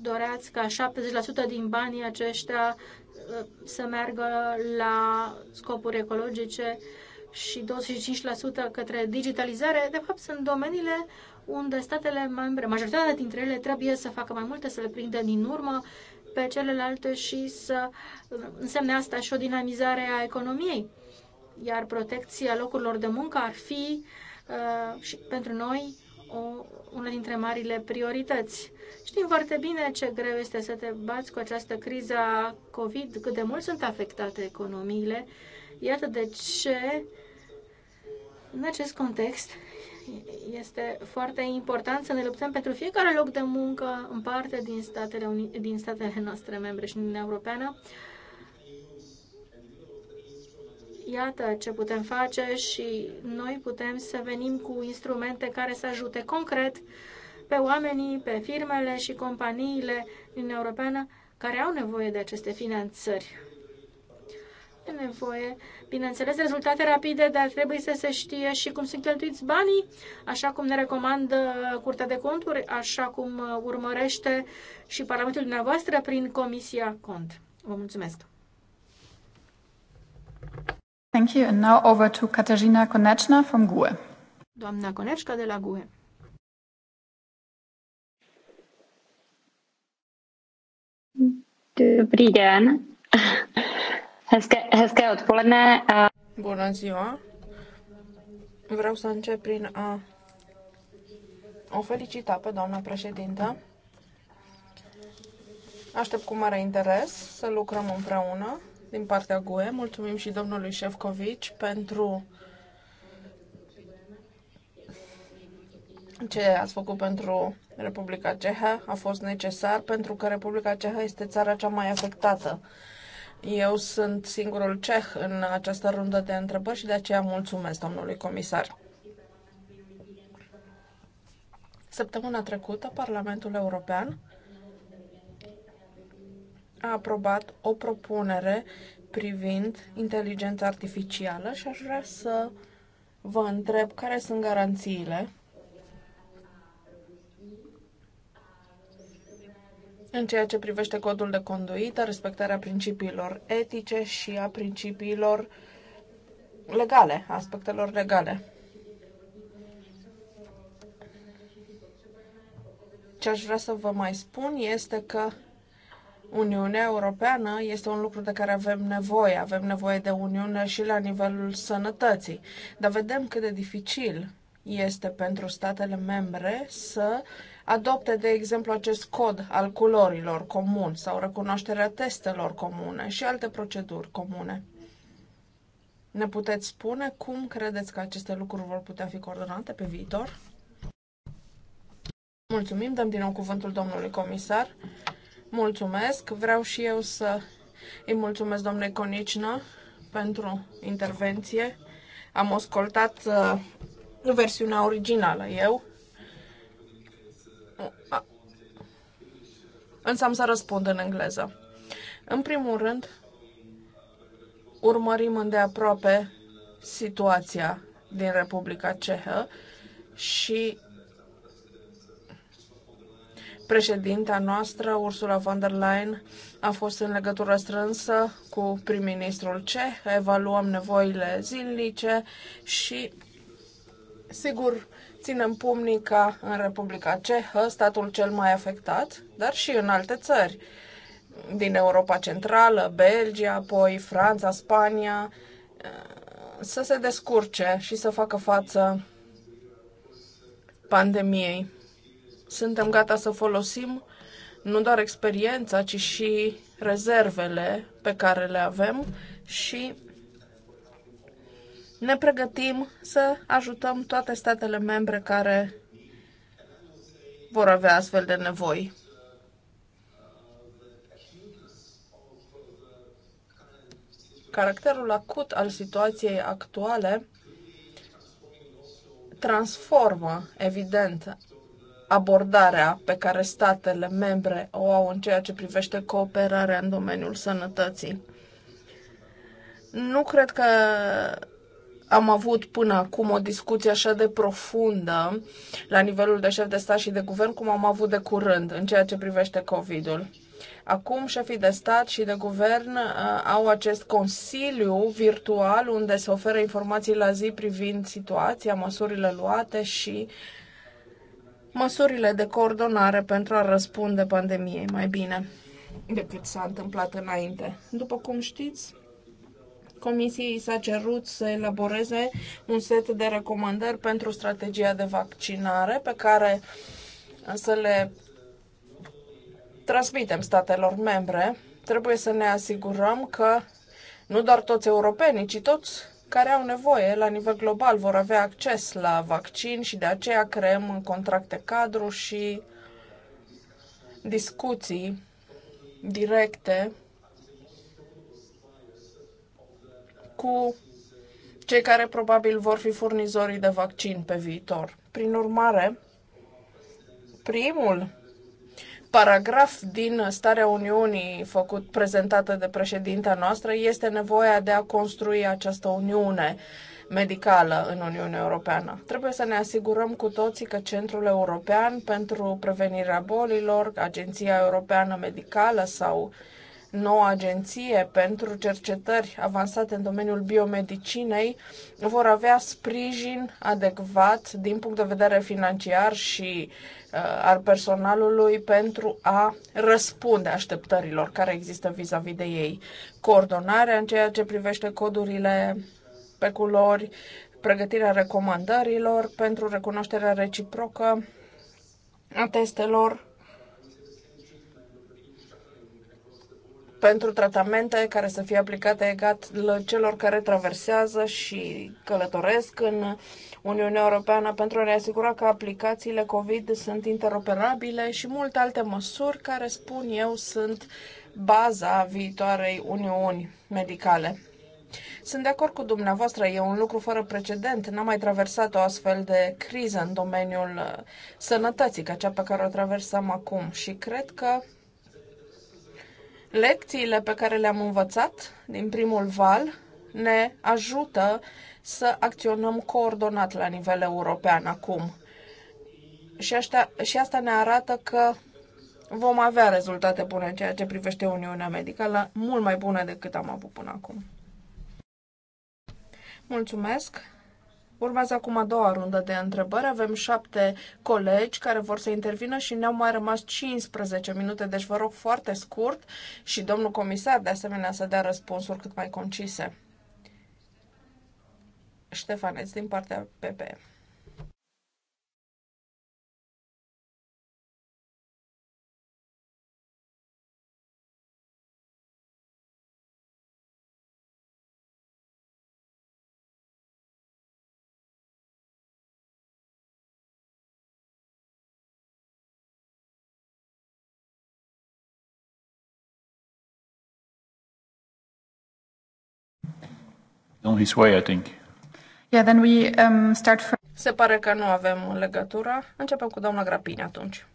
Doreați ca 70% din banii aceștia uh, să meargă la scopuri ecologice și 25% către digitalizare. De fapt, sunt domeniile unde statele membre, majoritatea dintre ele, trebuie să facă mai multe, să le prindă din urmă pe celelalte și să uh, însemne asta și o dinamizare a economiei iar protecția locurilor de muncă ar fi uh, și pentru noi o, una dintre marile priorități. Știm foarte bine ce greu este să te bați cu această criză COVID, cât de mult sunt afectate economiile. Iată de ce, în acest context, este foarte important să ne luptăm pentru fiecare loc de muncă în parte din statele, din statele noastre membre și în Uniunea Europeană. Uh, Iată ce putem face și noi putem să venim cu instrumente care să ajute concret pe oamenii, pe firmele și companiile din Europeană care au nevoie de aceste finanțări. E nevoie, bineînțeles, rezultate rapide, dar trebuie să se știe și cum sunt cheltuiți banii, așa cum ne recomandă Curtea de Conturi, așa cum urmărește și Parlamentul dumneavoastră prin Comisia Cont. Vă mulțumesc! Thank you. And now over to Katarzyna Koneczna from GUE. Doamna Koneczka de la GUE. Dobrý den. Hezké, hezké odpoledne. Bună ziua. Vreau să încep prin a o felicita pe doamna președintă. Aștept cu mare interes să lucrăm împreună din partea GUE. Mulțumim și domnului Șefcovic pentru ce ați făcut pentru Republica Cehă. A fost necesar pentru că Republica Cehă este țara cea mai afectată. Eu sunt singurul ceh în această rundă de întrebări și de aceea mulțumesc domnului comisar. Săptămâna trecută, Parlamentul European a aprobat o propunere privind inteligența artificială și aș vrea să vă întreb care sunt garanțiile în ceea ce privește codul de conduită, respectarea principiilor etice și a principiilor legale, aspectelor legale. Ce aș vrea să vă mai spun este că Uniunea Europeană este un lucru de care avem nevoie. Avem nevoie de Uniune și la nivelul sănătății. Dar vedem cât de dificil este pentru statele membre să adopte, de exemplu, acest cod al culorilor comun sau recunoașterea testelor comune și alte proceduri comune. Ne puteți spune cum credeți că aceste lucruri vor putea fi coordonate pe viitor? Mulțumim, dăm din nou cuvântul domnului comisar. Mulțumesc. Vreau și eu să îi mulțumesc domnului Conicină pentru intervenție. Am ascultat uh, versiunea originală eu. însă am să răspund în engleză. În primul rând, urmărim îndeaproape situația din Republica Cehă și Președinta noastră, Ursula von der Leyen, a fost în legătură strânsă cu prim-ministrul ceh, evaluăm nevoile zilnice și, sigur, ținem pumnii ca în Republica Cehă, statul cel mai afectat, dar și în alte țări, din Europa Centrală, Belgia, apoi Franța, Spania, să se descurce și să facă față pandemiei. Suntem gata să folosim nu doar experiența, ci și rezervele pe care le avem și ne pregătim să ajutăm toate statele membre care vor avea astfel de nevoi. Caracterul acut al situației actuale transformă, evident, abordarea pe care statele membre o au în ceea ce privește cooperarea în domeniul sănătății. Nu cred că am avut până acum o discuție așa de profundă la nivelul de șef de stat și de guvern cum am avut de curând în ceea ce privește COVID-ul. Acum șefii de stat și de guvern uh, au acest consiliu virtual unde se oferă informații la zi privind situația, măsurile luate și uh, măsurile de coordonare pentru a răspunde pandemiei mai bine decât s-a întâmplat înainte. După cum știți, Comisiei s-a cerut să elaboreze un set de recomandări pentru strategia de vaccinare pe care să le transmitem statelor membre. Trebuie să ne asigurăm că nu doar toți europenii, ci toți care au nevoie la nivel global vor avea acces la vaccin și de aceea creăm contracte cadru și discuții directe cu cei care probabil vor fi furnizorii de vaccin pe viitor. Prin urmare, primul paragraf din starea Uniunii făcut prezentată de președintea noastră este nevoia de a construi această Uniune medicală în Uniunea Europeană. Trebuie să ne asigurăm cu toții că Centrul European pentru Prevenirea Bolilor, Agenția Europeană Medicală sau noua agenție pentru cercetări avansate în domeniul biomedicinei vor avea sprijin adecvat din punct de vedere financiar și uh, Uh, al personalului pentru a răspunde așteptărilor care există vis-a-vis -vis de ei. Coordonarea în ceea ce privește codurile pe culori, pregătirea recomandărilor pentru recunoașterea reciprocă a testelor, pentru tratamente care să fie aplicate egal celor care traversează și călătoresc în Uniunea Europeană pentru a ne asigura că aplicațiile COVID sunt interoperabile și multe alte măsuri care, spun eu, sunt baza viitoarei Uniuni medicale. Sunt de acord cu dumneavoastră, e un lucru fără precedent. N-am mai traversat o astfel de criză în domeniul uh, sănătății ca cea pe care o traversăm acum și cred că lecțiile pe care le-am învățat din primul val ne ajută să acționăm coordonat la nivel european acum. Și asta, și asta ne arată că vom avea rezultate bune în ceea ce privește Uniunea Medicală, mult mai bune decât am avut până acum. Mulțumesc! Urmează acum a doua rundă de întrebări. Avem șapte colegi care vor să intervină și ne-au mai rămas 15 minute, deci vă rog foarte scurt și domnul comisar de asemenea să dea răspunsuri cât mai concise. Ștefaneț din partea PP. on his way, I think. Yeah, then we um, start from... Se pare că nu avem legătura. Începem cu doamna Grapini atunci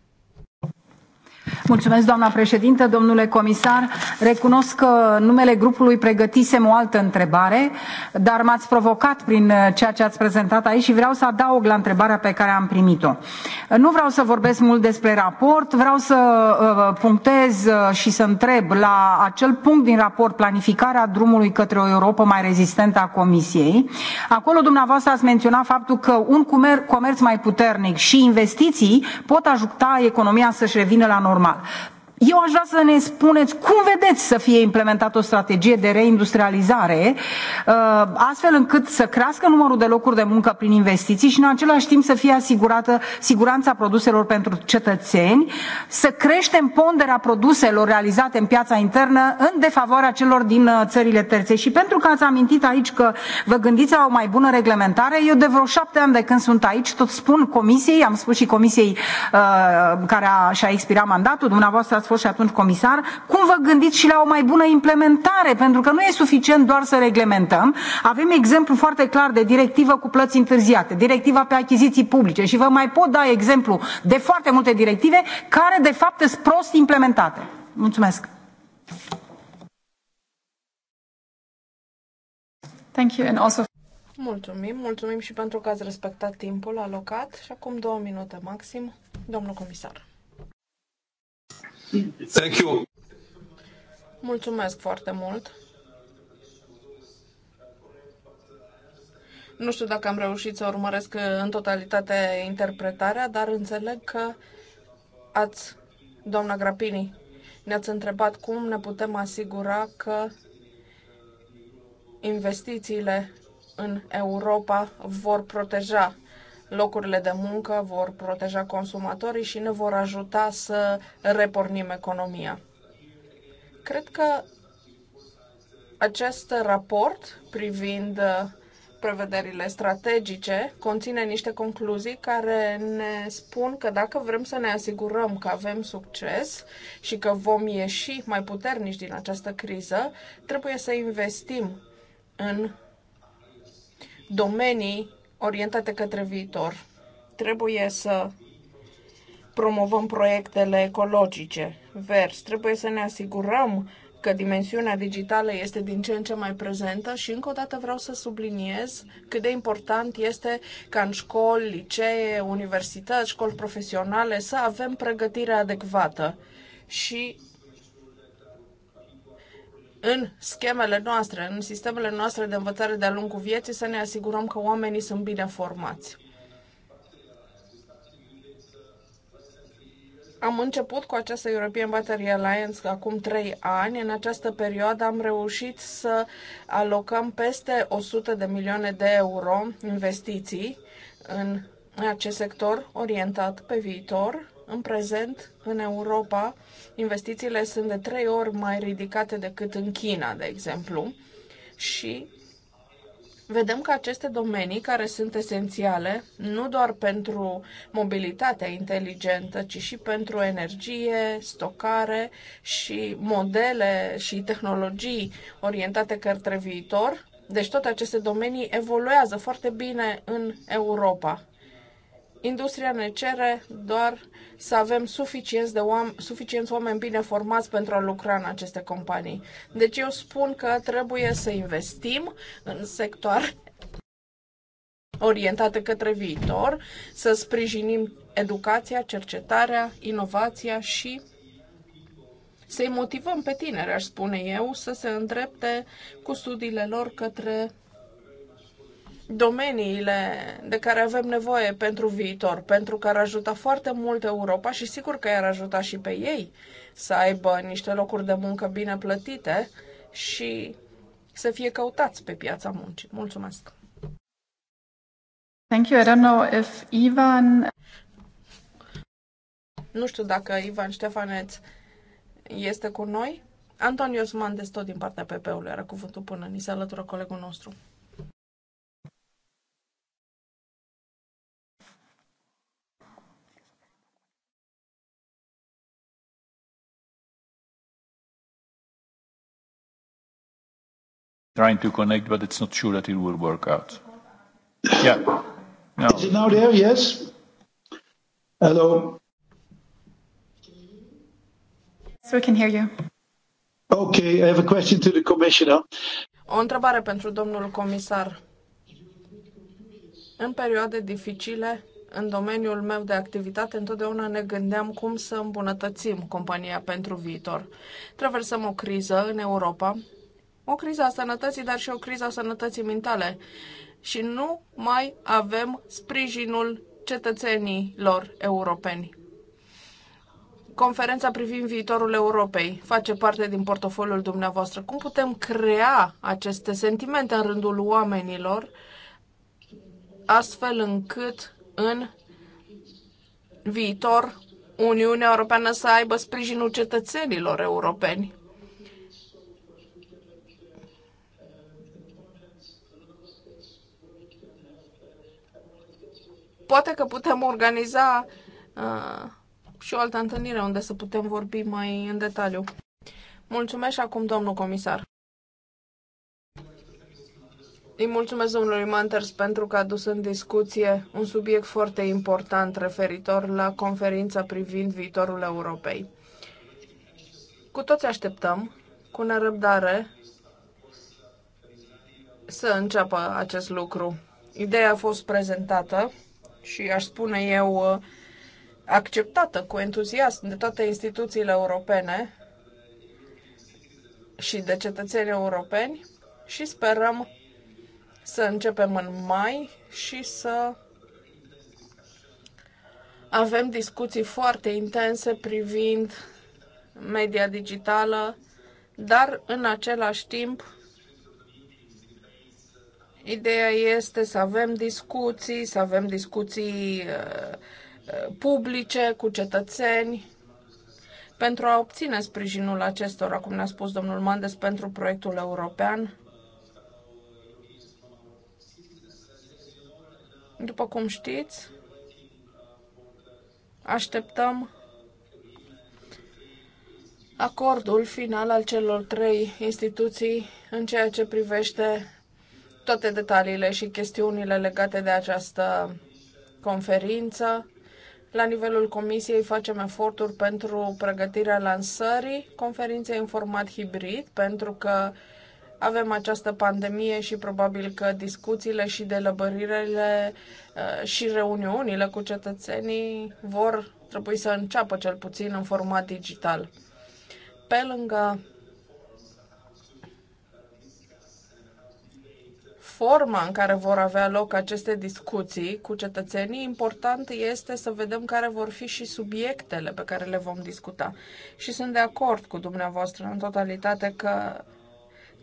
doamnă președintă domnule comisar recunosc că în numele grupului pregătisem o altă întrebare dar m ați provocat prin uh, ceea ce ați prezentat aici și vreau să adaug la întrebarea pe care am primit o. nu vreau să vorbesc mult despre raport vreau să uh, punctez uh, și să întreb la acel punct din raport planificarea drumului către o europă mai rezistentă a comisiei acolo dumneavoastră ați menționat faptul că un comerț mai puternic și investiții pot ajuta economia să și revină la normal da eu aș vrea să ne spuneți cum vedeți să fie implementată o strategie de reindustrializare, uh, astfel încât să crească numărul de locuri de muncă prin investiții și în același timp să fie asigurată siguranța produselor pentru cetățeni, să creștem ponderea produselor realizate în piața internă în defavoarea celor din uh, țările terțe. Și pentru că ați amintit aici că vă gândiți la o mai bună reglementare, eu de vreo șapte ani de când sunt aici tot spun comisiei, am spus și comisiei uh, care a, și-a expirat mandatul, dumneavoastră ați fost și atunci comisar, cum vă gândiți și la o mai bună implementare? Pentru că nu e suficient doar să reglementăm. Avem exemplu foarte clar de directivă cu plăți întârziate, directiva pe achiziții publice și vă mai pot da exemplu de foarte multe directive care de fapt sunt prost implementate. Mulțumesc! Thank you and also Mulțumim, mulțumim și pentru că ați respectat timpul alocat și acum două minute maxim, domnul comisar. Thank you. Mulțumesc foarte mult. Nu știu dacă am reușit să urmăresc în totalitate interpretarea, dar înțeleg că ați, doamna Grapini, ne-ați întrebat cum ne putem asigura că investițiile în Europa vor proteja Locurile de muncă vor proteja consumatorii și ne vor ajuta să repornim economia. Cred că acest raport privind uh, prevederile strategice conține niște concluzii care ne spun că dacă vrem să ne asigurăm că avem succes și că vom ieși mai puternici din această criză, trebuie să investim în domenii orientate către viitor. Trebuie să promovăm proiectele ecologice, Vers. trebuie să ne asigurăm că dimensiunea digitală este din ce în ce mai prezentă și încă o dată vreau să subliniez cât de important este ca în școli, licee, universități, școli profesionale să avem pregătire adecvată și în schemele noastre, în sistemele noastre de învățare de-a lungul vieții, să ne asigurăm că oamenii sunt bine formați. Am început cu această European Battery Alliance acum trei ani. În această perioadă am reușit să alocăm peste 100 de milioane de euro investiții în acest sector orientat pe viitor în prezent, în Europa, investițiile sunt de trei ori mai ridicate decât în China, de exemplu, și vedem că aceste domenii care sunt esențiale nu doar pentru mobilitatea inteligentă, ci și pentru energie, stocare și modele și tehnologii orientate către viitor. Deci toate aceste domenii evoluează foarte bine în Europa. Industria ne cere doar să avem suficienți, de oam- suficienți oameni bine formați pentru a lucra în aceste companii. Deci eu spun că trebuie să investim în sectoare orientate către viitor, să sprijinim educația, cercetarea, inovația și să-i motivăm pe tineri, aș spune eu, să se îndrepte cu studiile lor către domeniile de care avem nevoie pentru viitor, pentru că ar ajuta foarte mult Europa și sigur că i-ar ajuta și pe ei să aibă niște locuri de muncă bine plătite și să fie căutați pe piața muncii. Mulțumesc! Thank you. I don't know if Ivan... Nu știu dacă Ivan Ștefaneț este cu noi. Antonio Sumandes tot din partea PP-ului are cuvântul până ni se alătură colegul nostru. trying to connect, but it's not sure that it will work out. Yeah. No. Is it now there? Yes. Hello. Yes, we can hear you. Okay, I have a question to the commissioner. O întrebare pentru domnul comisar. În perioade dificile, în domeniul meu de activitate, întotdeauna ne gândeam cum să îmbunătățim compania pentru viitor. Traversăm o criză în Europa, o criză a sănătății, dar și o criză a sănătății mentale. Și nu mai avem sprijinul cetățenilor europeni. Conferința privind viitorul Europei face parte din portofoliul dumneavoastră. Cum putem crea aceste sentimente în rândul oamenilor astfel încât în viitor Uniunea Europeană să aibă sprijinul cetățenilor europeni? poate că putem organiza uh, și o altă întâlnire unde să putem vorbi mai în detaliu. Mulțumesc acum, domnul comisar. Îi mulțumesc domnului Manters pentru că a dus în discuție un subiect foarte important referitor la conferința privind viitorul Europei. Cu toți așteptăm cu nerăbdare să înceapă acest lucru. Ideea a fost prezentată și aș spune eu uh, acceptată cu entuziasm de toate instituțiile europene și de cetățeni europeni și sperăm să începem în mai și să avem discuții foarte intense privind media digitală, dar în același timp Ideea este să avem discuții, să avem discuții uh, uh, publice cu cetățeni pentru a obține sprijinul acestora, cum ne-a spus domnul Mandes, pentru proiectul european. După cum știți, așteptăm acordul final al celor trei instituții în ceea ce privește toate detaliile și chestiunile legate de această conferință. La nivelul comisiei facem eforturi pentru pregătirea lansării conferinței în format hibrid, pentru că avem această pandemie și probabil că discuțiile și delăbăririle uh, și reuniunile cu cetățenii vor trebui să înceapă cel puțin în format digital. Pe lângă forma în care vor avea loc aceste discuții cu cetățenii, important este să vedem care vor fi și subiectele pe care le vom discuta. Și sunt de acord cu dumneavoastră în totalitate că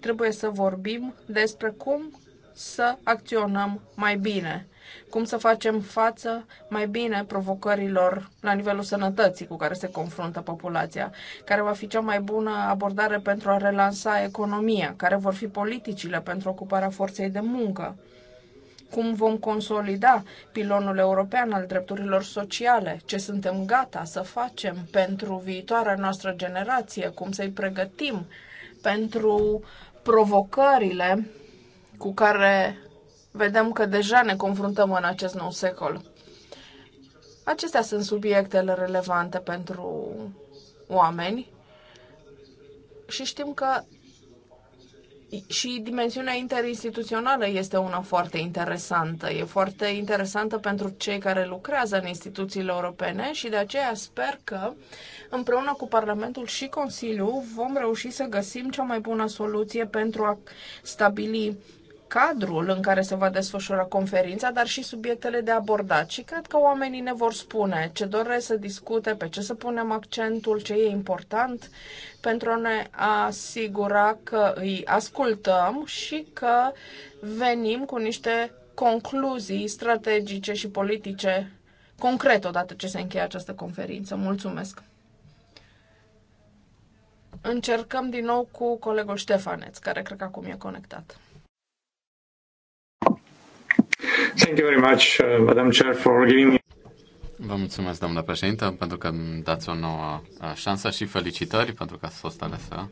trebuie să vorbim despre cum să acționăm mai bine cum să facem față mai bine provocărilor la nivelul sănătății cu care se confruntă populația, care va fi cea mai bună abordare pentru a relansa economia, care vor fi politicile pentru ocuparea forței de muncă cum vom consolida pilonul european al drepturilor sociale, ce suntem gata să facem pentru viitoarea noastră generație, cum să-i pregătim pentru provocările cu care vedem că deja ne confruntăm în acest nou secol. Acestea sunt subiectele relevante pentru oameni și știm că și dimensiunea interinstituțională este una foarte interesantă. E foarte interesantă pentru cei care lucrează în instituțiile europene și de aceea sper că împreună cu Parlamentul și Consiliul vom reuși să găsim cea mai bună soluție pentru a stabili cadrul în care se va desfășura conferința, dar și subiectele de abordat. Și cred că oamenii ne vor spune ce doresc să discute, pe ce să punem accentul, ce e important, pentru a ne asigura că îi ascultăm și că venim cu niște concluzii strategice și politice concret odată ce se încheie această conferință. Mulțumesc! Încercăm din nou cu colegul Ștefaneț, care cred că acum e conectat. Thank you very much, uh, Madam Chair, for giving me Vă mulțumesc, doamna președintă, pentru că îmi dați o nouă uh, șansă și felicitări pentru că ați fost alesă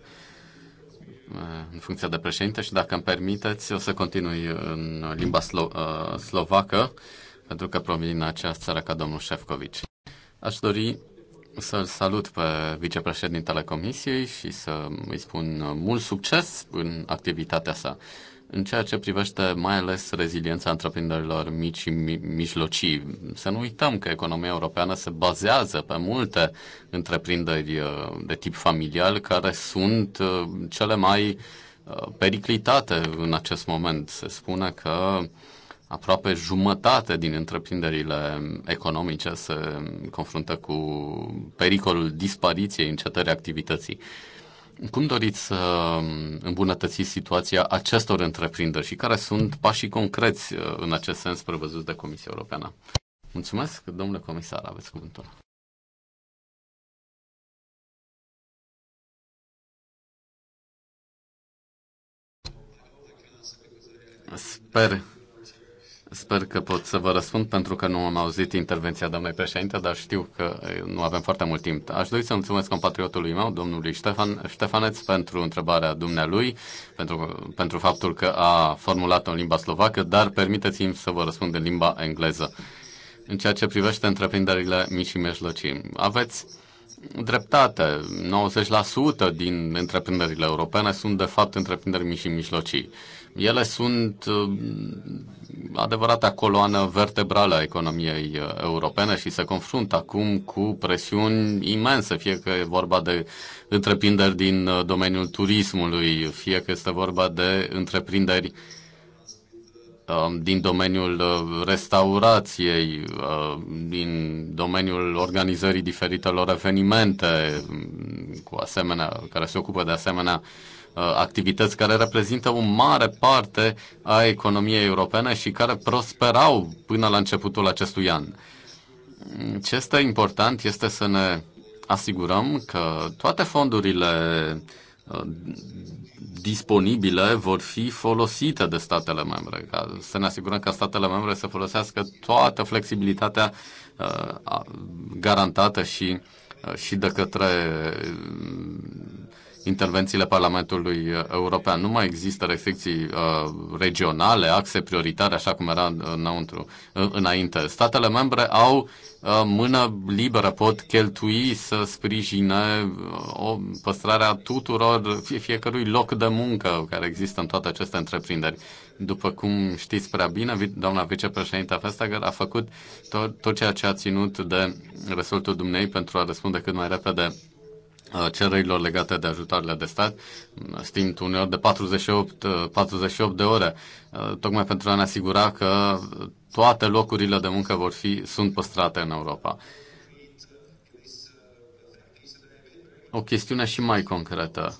uh, în funcția de președinte și dacă îmi permiteți, o să continui în limba slo- slovacă, pentru că provin din această țară ca domnul Șefcovic. Aș dori să-l salut pe vicepreședintele Comisiei și să îi spun mult succes în activitatea sa. În ceea ce privește mai ales reziliența întreprinderilor mici și mijlocii, să nu uităm că economia europeană se bazează pe multe întreprinderi uh, de tip familial care sunt uh, cele mai uh, periclitate în acest moment. Se spune că aproape jumătate din întreprinderile economice se confruntă cu pericolul dispariției încetării activității. Cum doriți să um, îmbunătățiți situația acestor întreprinderi și care sunt pașii concreți uh, în acest sens prevăzuți de Comisia Europeană? Mulțumesc, domnule comisar, aveți cuvântul. Sper Sper că pot să vă răspund pentru că nu am auzit intervenția doamnei președinte, dar știu că nu avem foarte mult timp. Aș dori să mulțumesc compatriotului meu, domnului Ștefan, Ștefaneț, pentru întrebarea dumnealui, pentru, pentru faptul că a formulat-o în limba slovacă, dar permiteți-mi să vă răspund în limba engleză. În ceea ce privește întreprinderile mici și mijlocii, aveți dreptate. 90% din întreprinderile europene sunt, de fapt, întreprinderi mici și mijlocii. Ele sunt uh, adevărata coloană vertebrală a economiei uh, europene și se confruntă acum cu presiuni imense, fie că e vorba de întreprinderi din uh, domeniul turismului, fie că este vorba de întreprinderi um, din domeniul restaurației, din domeniul organizării diferitelor evenimente, um, cu asemenea, care se ocupă de asemenea Uh, activități care reprezintă o mare parte a economiei europene și care prosperau până la începutul acestui an. Ce este important este să ne asigurăm că toate fondurile uh, disponibile vor fi folosite de statele membre, ca să ne asigurăm că statele membre să folosească toată flexibilitatea uh, garantată și, și de către intervențiile Parlamentului uh, European. Nu mai există restricții uh, regionale, axe prioritare, așa cum era înăuntru, înainte. Statele membre au uh, mână liberă, pot cheltui să sprijine uh, o păstrarea tuturor, fie, fiecărui loc de muncă care există în toate aceste întreprinderi. După cum știți prea bine, doamna vicepreședinte Vestager a făcut tot, tot ceea ce a ținut de resortul dumnei pentru a răspunde cât mai repede Uh, cererilor legate de ajutoarele de stat, stint uneori de 48, 48 uh, de ore, uh, tocmai pentru a ne asigura că toate locurile de muncă vor fi, sunt păstrate în Europa. O chestiune și mai concretă.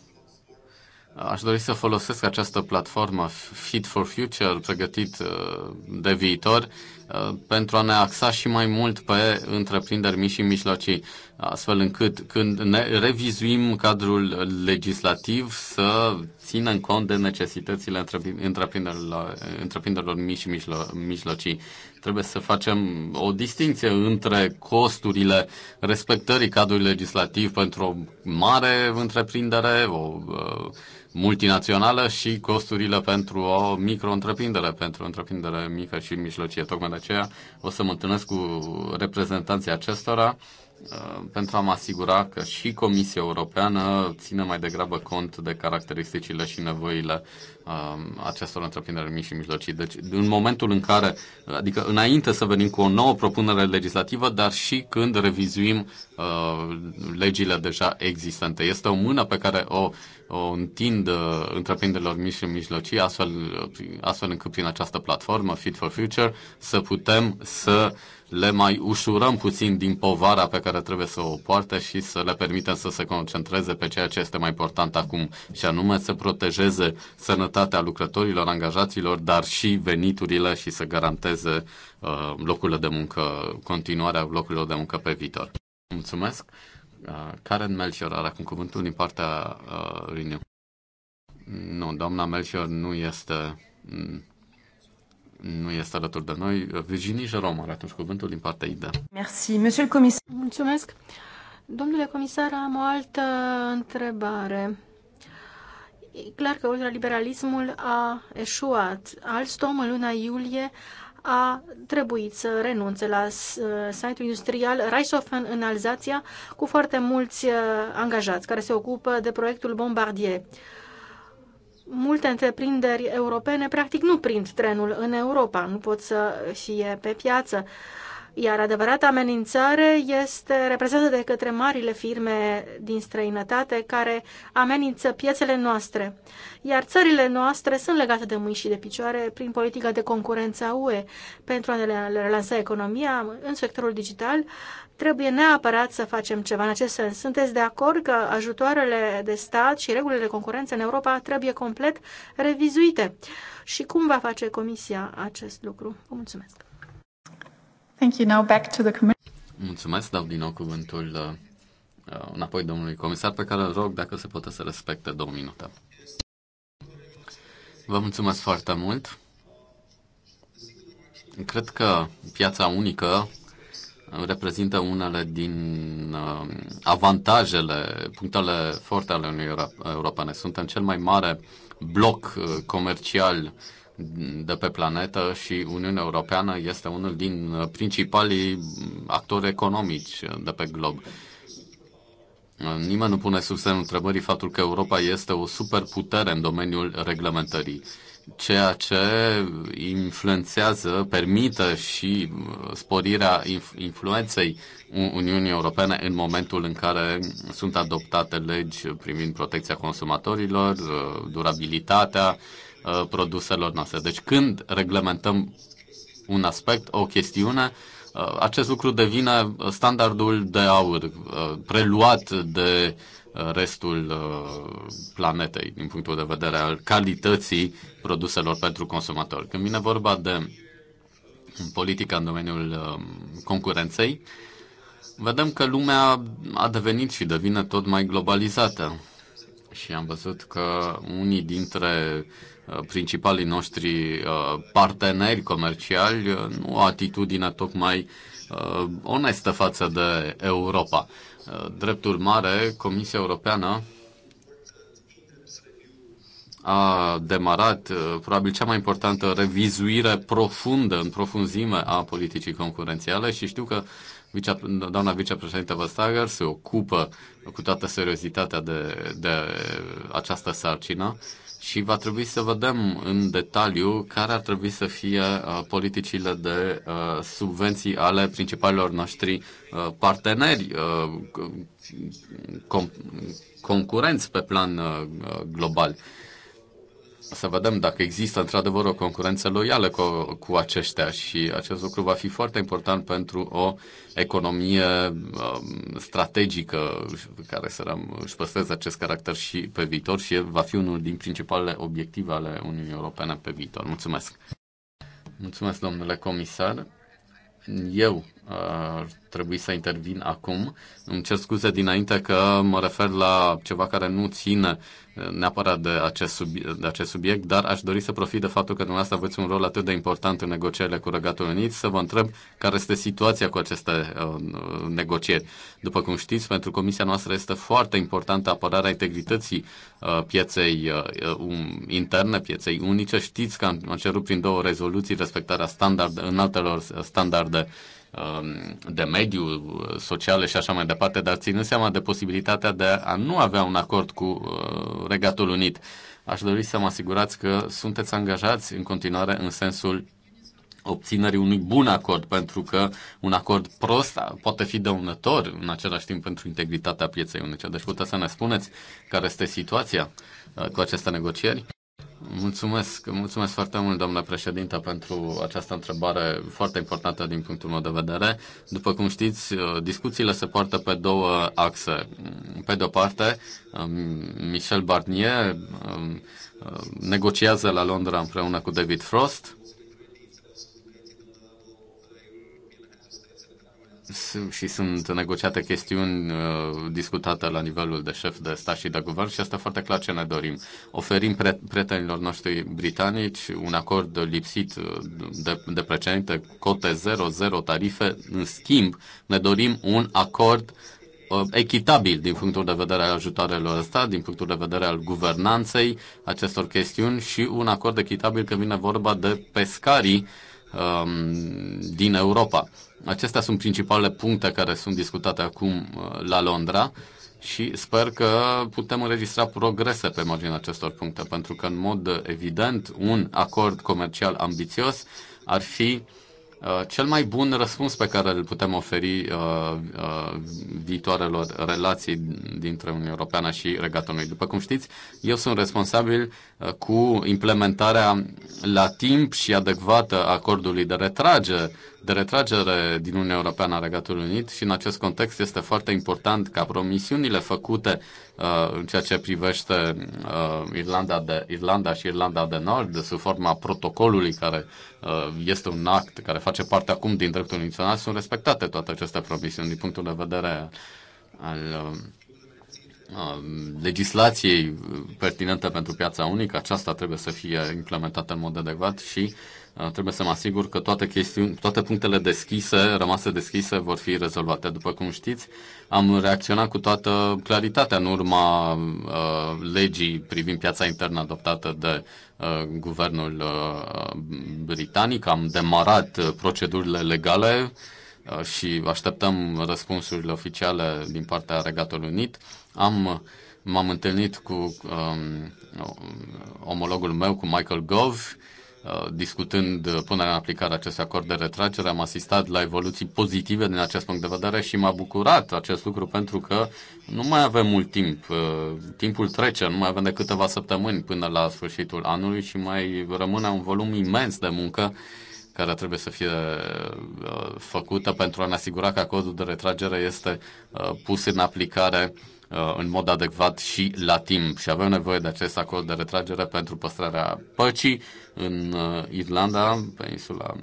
Aș dori să folosesc această platformă Fit for Future, pregătit de viitor, Uh, pentru a ne axa și mai mult pe întreprinderi mici și mijlocii, astfel încât când ne revizuim cadrul legislativ să ținem cont de necesitățile întreprinderilor, întreprinderilor mici și mijlo- mijlocii. Trebuie să facem o distinție între costurile respectării cadrului legislativ pentru o mare întreprindere, o uh, multinațională și costurile pentru o micro-întreprindere, pentru o întreprindere mică și mijlocie. Tocmai de aceea o să mă întâlnesc cu reprezentanții acestora Uh, pentru a mă asigura că și Comisia Europeană ține mai degrabă cont de caracteristicile și nevoile um, acestor întreprinderi mici și mijlocii. Deci, în momentul în care, adică înainte să venim cu o nouă propunere legislativă, dar și când revizuim uh, legile deja existente. Este o mână pe care o, o întind uh, întreprinderilor mici și mijlocii, astfel, astfel încât prin această platformă, Fit for Future, să putem să uh, le mai ușurăm puțin din povara pe care trebuie să o poarte și să le permitem să se concentreze pe ceea ce este mai important acum, și anume să protejeze sănătatea lucrătorilor, angajaților, dar și veniturile și să garanteze uh, locurile de muncă, continuarea locurilor de muncă pe viitor. Mulțumesc! Uh, Karen Melchior are acum cuvântul din partea uh, Renew. Nu, doamna Melchior nu este mm, nu este alături de noi. Virginie Jerome are atunci cuvântul din partea IDA. Merci, monsieur le comisar. Mulțumesc. Domnule comisar, am o altă întrebare. E clar că ultraliberalismul a eșuat. Alstom în luna iulie a trebuit să renunțe la uh, site-ul industrial Reisofen în Alzația cu foarte mulți uh, angajați care se ocupă de proiectul Bombardier multe întreprinderi europene practic nu prind trenul în Europa, nu pot să fie pe piață. Iar adevărata amenințare este reprezentată de către marile firme din străinătate care amenință piețele noastre. Iar țările noastre sunt legate de mâini și de picioare prin politica de concurență a UE pentru a le relansa economia în sectorul digital. Trebuie neapărat să facem ceva în acest sens. Sunteți de acord că ajutoarele de stat și regulile de concurență în Europa trebuie complet revizuite? Și cum va face Comisia acest lucru? Vă mulțumesc! Thank you. Now back to the Mulțumesc, dau din nou cuvântul uh, uh, înapoi domnului comisar, pe care îl rog dacă se poate să respecte două minute. Vă mulțumesc foarte mult. Cred că piața unică reprezintă unele din um, avantajele, punctele forte ale Uniunii Europene. Suntem cel mai mare bloc uh, comercial de pe planetă și Uniunea Europeană este unul din uh, principalii actori economici de pe glob. Uh, nimeni nu pune sub semnul întrebării faptul că Europa este o superputere în domeniul reglementării ceea ce influențează, permită și uh, sporirea influenței Uniunii Europene în momentul în care sunt adoptate legi privind protecția consumatorilor, uh, durabilitatea uh, produselor noastre. Deci când reglementăm un aspect, o chestiune, acest lucru devine standardul de aur, preluat de restul uh, planetei din punctul de vedere al calității produselor pentru consumatori. Când vine vorba de politica în domeniul uh, concurenței, vedem că lumea a devenit și devine tot mai globalizată. Și am văzut că unii dintre uh, principalii noștri parteneri comerciali nu au atitudine tocmai onestă față de Europa. Drept urmare, Comisia Europeană a demarat uh, probabil cea mai importantă revizuire profundă, în profunzime a politicii concurențiale și știu că vicea, doamna vicepreședinte Vestager se ocupă cu toată seriozitatea de, de această sarcină și va trebui să vedem în detaliu care ar trebui să fie uh, politicile de uh, subvenții ale principalilor noștri uh, parteneri, uh, com- concurenți pe plan uh, global să vedem dacă există într-adevăr o concurență loială cu, cu aceștia și acest lucru va fi foarte important pentru o economie um, strategică care să răm, își păstreze acest caracter și pe viitor și va fi unul din principalele obiective ale Uniunii Europene pe viitor. Mulțumesc! Mulțumesc, domnule comisar! Eu ar trebui să intervin acum. Îmi cer scuze dinainte că mă refer la ceva care nu ține neapărat de acest, subiect, de acest subiect, dar aș dori să profit de faptul că dumneavoastră aveți un rol atât de important în negocierile cu Regatul Unit, să vă întreb care este situația cu aceste uh, negocieri. După cum știți, pentru Comisia noastră este foarte importantă apărarea integrității uh, pieței uh, um, interne, pieței unice. Știți că am cerut prin două rezoluții respectarea în altelor standarde uh, Um, de mediu, sociale și așa mai departe, dar ținând seama de posibilitatea de a nu avea un acord cu uh, Regatul Unit, aș dori să mă asigurați că sunteți angajați în continuare în sensul obținerii unui bun acord, pentru că un acord prost poate fi dăunător în același timp pentru integritatea pieței unice. Deci puteți să ne spuneți care este situația uh, cu aceste negocieri? Mulțumesc, mulțumesc foarte mult, doamna președintă, pentru această întrebare foarte importantă din punctul meu de vedere. După cum știți, uh, discuțiile se poartă pe două axe. Pe de-o parte, um, Michel Barnier um, uh, negociază la Londra împreună cu David Frost, și sunt negociate chestiuni uh, discutate la nivelul de șef de stat și de guvern și asta foarte clar ce ne dorim. Oferim prietenilor noștri britanici un acord lipsit uh, de, de precedente, cote zero, zero tarife. În schimb, ne dorim un acord uh, echitabil din punctul de vedere al ajutoarelor de stat, din punctul de vedere al guvernanței acestor chestiuni și un acord echitabil când vine vorba de pescarii Um, din Europa. Acestea sunt principalele puncte care sunt discutate acum uh, la Londra și sper că putem înregistra progrese pe marginea acestor puncte, pentru că, în mod evident, un acord comercial ambițios ar fi uh, Uh, cel mai bun răspuns pe care îl putem oferi uh, uh, viitoarelor relații dintre Uniunea Europeană și Regatul Unit. După cum știți, eu sunt responsabil cu implementarea la timp și adecvată a acordului de retragere de retragere din Uniunea Europeană a Regatului Unit și în acest context este foarte important ca promisiunile făcute uh, în ceea ce privește uh, Irlanda, de, Irlanda și Irlanda de Nord sub forma protocolului care uh, este un act care face parte acum din dreptul internațional sunt respectate toate aceste promisiuni din punctul de vedere al uh, uh, legislației pertinente pentru piața unică, aceasta trebuie să fie implementată în mod adecvat și trebuie să mă asigur că toate, chestiuni, toate punctele deschise, rămase deschise, vor fi rezolvate. După cum știți, am reacționat cu toată claritatea în urma uh, legii privind piața internă adoptată de uh, guvernul uh, britanic. Am demarat uh, procedurile legale uh, și așteptăm răspunsurile oficiale din partea Regatului Unit. Am uh, m-am întâlnit cu um, omologul meu, cu Michael Gove, Uh, discutând uh, punerea în aplicare acestui acord de retragere, am asistat la evoluții pozitive din acest punct de vedere și m-a bucurat acest lucru pentru că nu mai avem mult timp. Uh, timpul trece, nu mai avem de câteva săptămâni până la sfârșitul anului și mai rămâne un volum imens de muncă care trebuie să fie făcută pentru a ne asigura că acordul de retragere este pus în aplicare uh, Uh, în mod adecvat și la timp. Și avem nevoie de acest acord de retragere pentru păstrarea păcii în uh, Irlanda, pe insula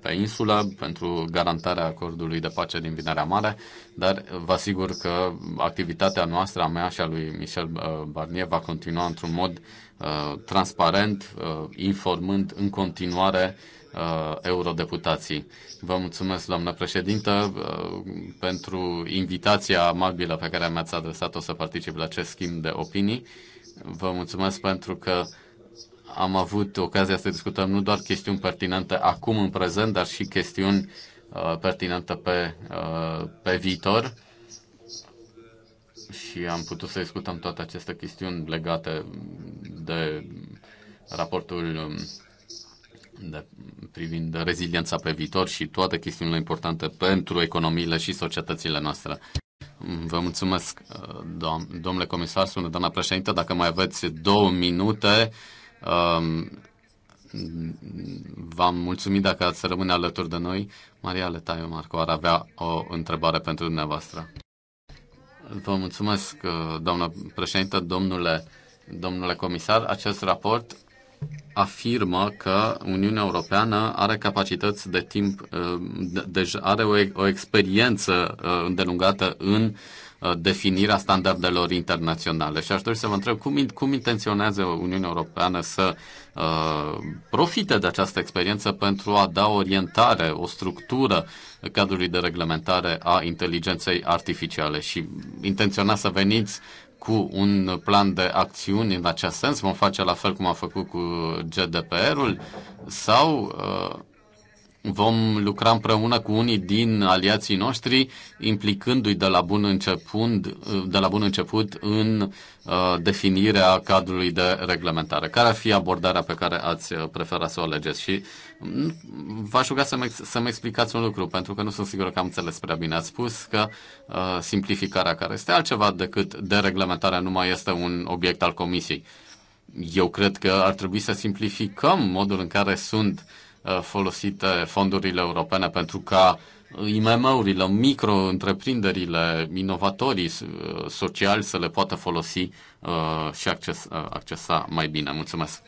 pe insulă pentru garantarea acordului de pace din Vinerea Mare, dar vă asigur că activitatea noastră, a mea și a lui Michel uh, Barnier, va continua într-un mod uh, transparent, uh, informând în continuare uh, eurodeputații. Vă mulțumesc, doamnă președintă, uh, pentru invitația amabilă pe care mi-ați adresat-o să particip la acest schimb de opinii. Vă mulțumesc pentru că am avut ocazia să discutăm nu doar chestiuni pertinente acum în prezent, dar și chestiuni uh, pertinente pe, uh, pe viitor și am putut să discutăm toate aceste chestiuni legate de raportul um, de, privind reziliența pe viitor și toate chestiunile importante pentru economiile și societățile noastre. Vă mulțumesc, dom- domnule comisar, sună doamna președintă. Dacă mai aveți două minute, um, v-am mulțumit dacă ați rămâne alături de noi. Maria Letaiu Marco ar avea o întrebare pentru dumneavoastră. Vă mulțumesc, doamnă președintă, domnule, domnule comisar. Acest raport afirmă că Uniunea Europeană are capacități de timp, deci are o, o experiență uh, îndelungată în uh, definirea standardelor internaționale. Și aș dori să vă întreb cum, cum intenționează Uniunea Europeană să uh, profite de această experiență pentru a da orientare, o structură cadrului de reglementare a inteligenței artificiale și intenționați să veniți cu un plan de acțiuni în acest sens? Vom face la fel cum am făcut cu GDPR-ul? Sau uh, Vom lucra împreună cu unii din aliații noștri, implicându-i de la bun început, de la bun început în uh, definirea cadrului de reglementare. Care ar fi abordarea pe care ați uh, prefera să o alegeți? Și mm, v-aș ruga să-mi, să-mi explicați un lucru, pentru că nu sunt sigur că am înțeles prea bine. Ați spus că uh, simplificarea, care este altceva decât dereglementarea, nu mai este un obiect al Comisiei. Eu cred că ar trebui să simplificăm modul în care sunt uh, Uh, folosite fondurile europene pentru ca IMM-urile, micro-întreprinderile, inovatorii uh, sociali să le poată folosi uh, și accesa mai bine. Mulțumesc!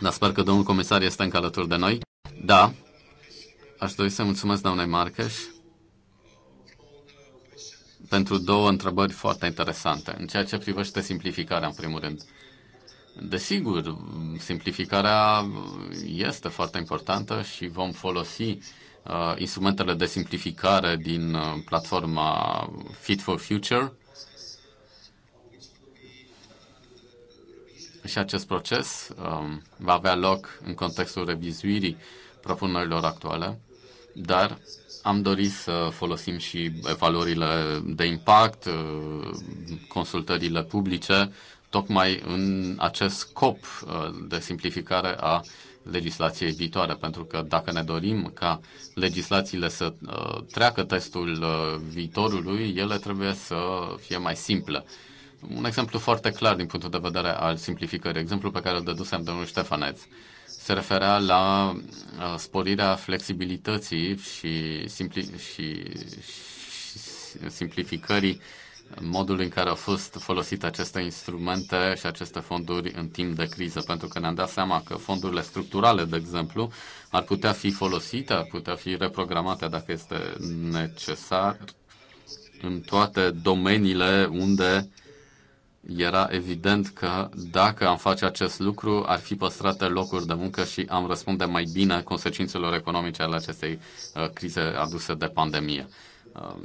Dar sper că domnul comisar este încă alături de noi. Da, aș dori să mulțumesc doamnei Marcăș pentru două întrebări foarte interesante. În ceea ce privește simplificarea, în primul rând. Desigur, simplificarea este foarte importantă și vom folosi uh, instrumentele de simplificare din uh, platforma Fit for Future. Și acest proces um, va avea loc în contextul revizuirii propunerilor actuale, dar am dorit să folosim și evaluările de impact, uh, consultările publice, tocmai în acest scop uh, de simplificare a legislației viitoare, pentru că dacă ne dorim ca legislațiile să uh, treacă testul uh, viitorului, ele trebuie să fie mai simple. Un exemplu foarte clar din punctul de vedere al simplificării, exemplu pe care îl dădusem domnul Ștefaneț, se referea la sporirea flexibilității și, simpli- și, și simplificării uh, modul în care au fost folosite aceste instrumente și aceste fonduri în timp de criză, pentru că ne-am dat seama că fondurile structurale, de exemplu, ar putea fi folosite, ar putea fi reprogramate dacă este necesar în toate domeniile unde era evident că dacă am face acest lucru, ar fi păstrate locuri de muncă și am răspunde mai bine consecințelor economice ale acestei uh, crize aduse de pandemie. Um,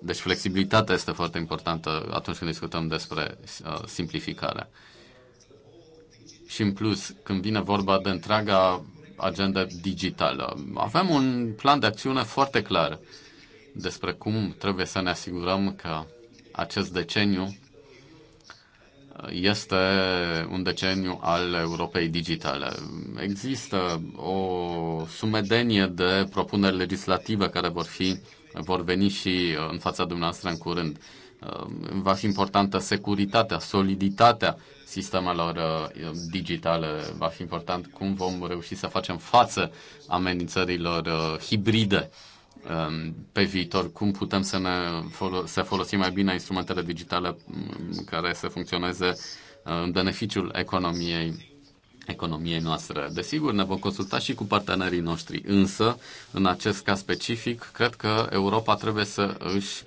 deci flexibilitatea este foarte importantă atunci când discutăm despre uh, simplificare. Și în plus, când vine vorba de întreaga agenda digitală, avem un plan de acțiune foarte clar despre cum trebuie să ne asigurăm că acest deceniu uh, este un deceniu al Europei digitale. Există o sumedenie de propuneri legislative care vor fi vor veni și uh, în fața dumneavoastră în curând. Uh, va fi importantă securitatea, soliditatea sistemelor uh, digitale. Va fi important cum vom reuși să facem față amenințărilor hibride um, pe viitor, cum putem să ne folo- să folosim mai bine instrumentele digitale um, care să funcționeze în beneficiul economiei economiei noastre. Desigur, ne vom consulta și cu partenerii noștri, însă, în acest caz specific, cred că Europa trebuie să își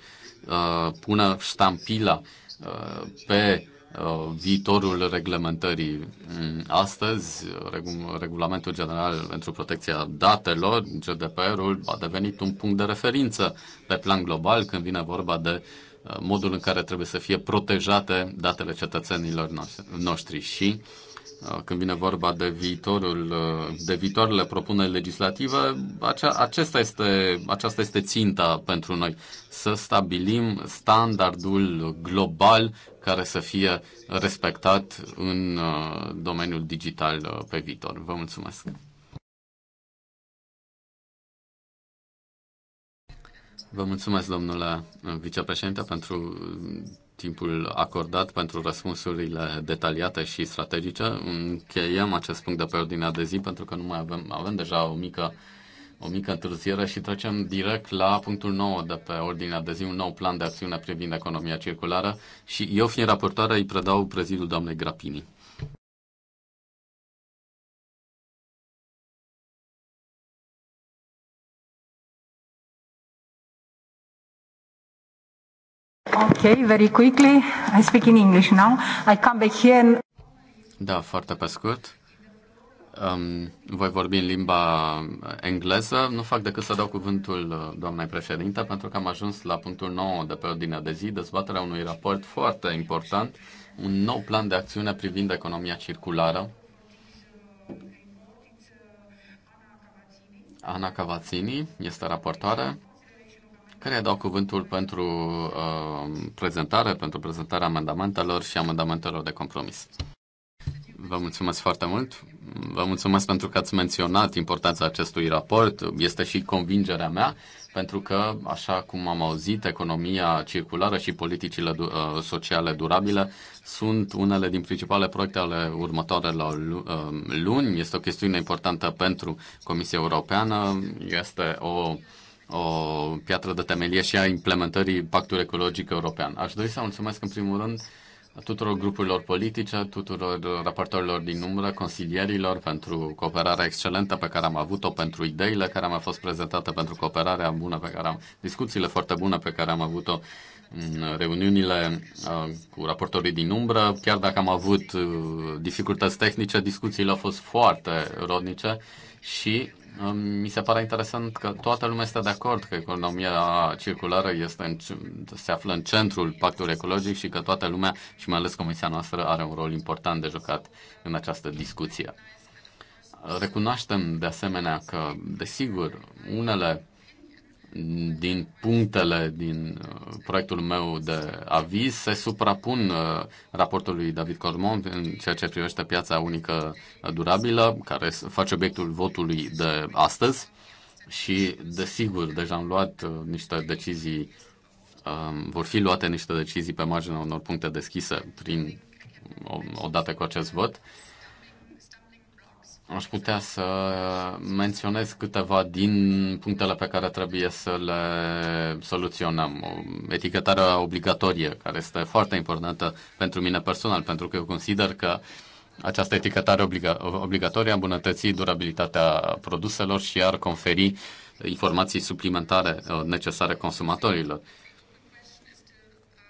uh, pună ștampila uh, pe uh, viitorul reglementării. Mm, astăzi, Regulamentul General pentru Protecția Datelor, GDPR-ul, a devenit un punct de referință pe plan global când vine vorba de uh, modul în care trebuie să fie protejate datele cetățenilor noștri și uh, Uh, când vine vorba de viitorul, uh, de viitoarele propuneri legislative, acea, acesta este, aceasta este ținta pentru noi, să stabilim standardul global care să fie respectat în uh, domeniul digital pe viitor. Vă mulțumesc! Vă mulțumesc, domnule vicepreședinte, pentru timpul acordat pentru răspunsurile detaliate și strategice. Încheiem acest punct de pe ordinea de zi pentru că nu mai avem, avem deja o mică o mică întârziere și trecem direct la punctul 9 de pe ordinea de zi, un nou plan de acțiune privind economia circulară și eu fiind raportoare îi predau prezidul doamnei Grapini. Ok, very quickly. I speak in English now. I come back here and... Da, foarte pe scurt. Um, voi vorbi în limba uh, engleză. Nu fac decât să dau cuvântul uh, doamnei președinte pentru că am ajuns la punctul 9 de pe ordinea de zi, dezbaterea unui raport foarte important, un nou plan de acțiune privind economia circulară. Ana Cavazzini este raportoare care dau cuvântul pentru uh, prezentare, pentru prezentarea amendamentelor și amendamentelor de compromis. Vă mulțumesc foarte mult. Vă mulțumesc pentru că ați menționat importanța acestui raport. Este și convingerea mea, pentru că, așa cum am auzit, economia circulară și politicile du- uh, sociale durabile sunt unele din principale proiecte ale următoarelor uh, luni. Este o chestiune importantă pentru Comisia Europeană. Este o o piatră de temelie și a implementării pactului ecologic european. Aș dori să mulțumesc în primul rând tuturor grupurilor politice, tuturor raportorilor din umbră, consilierilor pentru cooperarea excelentă pe care am avut-o, pentru ideile care mi-au fost prezentate, pentru cooperarea bună pe care am, discuțiile foarte bune pe care am avut-o în reuniunile uh, cu raportorii din umbră. Chiar dacă am avut uh, dificultăți tehnice, discuțiile au fost foarte rodnice și mi se pare interesant că toată lumea este de acord că economia circulară este în, se află în centrul pactului ecologic și că toată lumea, și mai ales Comisia noastră, are un rol important de jucat în această discuție. Recunoaștem de asemenea că, desigur, unele din punctele din uh, proiectul meu de aviz se suprapun uh, raportului David Cormont în ceea ce privește piața unică durabilă, care face obiectul votului de astăzi. Și, desigur, deja am luat uh, niște decizii, um, vor fi luate niște decizii pe marginea unor puncte deschise prin odată cu acest vot Aș putea să menționez câteva din punctele pe care trebuie să le soluționăm. Etichetarea obligatorie, care este foarte importantă pentru mine personal, pentru că eu consider că această etichetare obliga- obligatorie îmbunătății durabilitatea produselor și ar conferi informații suplimentare uh, necesare consumatorilor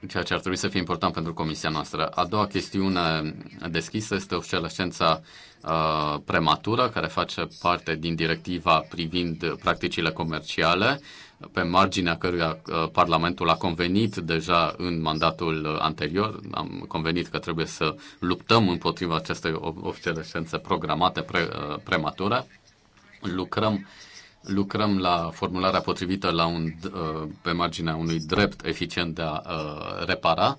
ceea ce ar trebui să fie important pentru comisia noastră. A doua chestiune deschisă este obsolescența uh, prematură, care face parte din directiva privind practicile comerciale, pe marginea căruia uh, Parlamentul a convenit deja în mandatul anterior. Am convenit că trebuie să luptăm împotriva acestei obsolescențe programate pre, uh, Lucrăm uh, lucrăm la formularea potrivită la un, uh, pe marginea unui drept eficient de a uh, repara.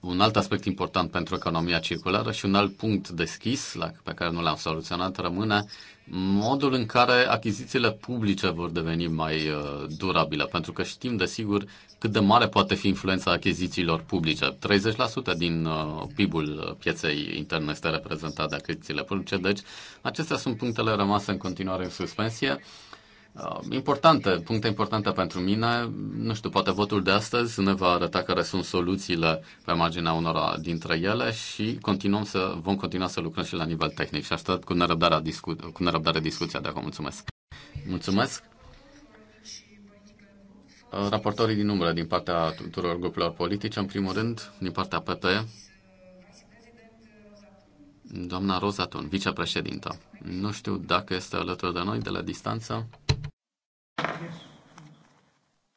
Un alt aspect important pentru economia circulară și un alt punct deschis la, pe care nu l-am soluționat rămâne uh, modul în care achizițiile publice vor deveni mai uh, durabile, pentru că știm de sigur cât de mare poate fi influența achizițiilor publice. 30% din uh, PIB-ul uh, pieței interne este reprezentat de achizițiile publice, deci acestea sunt punctele rămase în continuare în suspensie. Uh, Uh, Importantă, puncte importante pentru mine. Nu știu, poate votul de astăzi ne va arăta care sunt soluțiile pe marginea unora dintre ele și continuăm să, vom continua să lucrăm și la nivel tehnic și aștept cu nerăbdare, discu- cu nerăbdare discuția de acum. Mulțumesc! Mulțumesc! Uh, raportorii din umbră din partea tuturor grupurilor politice, în primul rând, din partea PP, doamna Rozaton, vicepreședintă. Nu știu dacă este alături de noi de la distanță.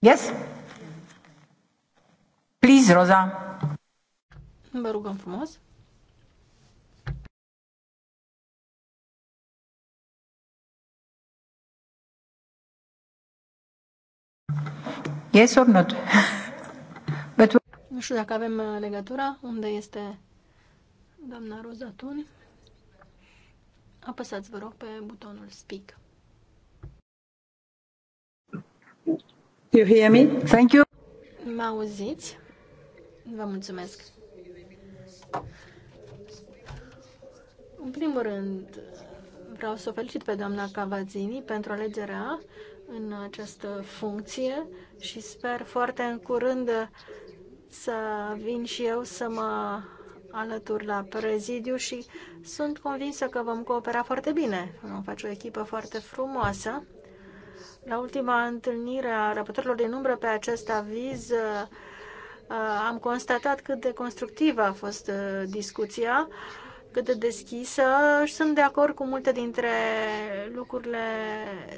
Yes? Please, Rosa. Vă rugăm frumos. Yes or not? But... Nu știu dacă avem uh, legătura. Unde este doamna Rosa Tun? Apăsați, vă rog, pe butonul Speak. You hear me? Thank you. Mă auziți? Vă mulțumesc. În primul rând, vreau să o felicit pe doamna Cavazini pentru alegerea în această funcție și sper foarte în curând să vin și eu să mă alătur la prezidiu și sunt convinsă că vom coopera foarte bine. Vom face o echipă foarte frumoasă la ultima întâlnire a raportorilor din umbră pe acest aviz, uh, uh, am constatat cât de constructivă a fost uh, discuția, cât de deschisă și sunt de acord cu multe dintre lucrurile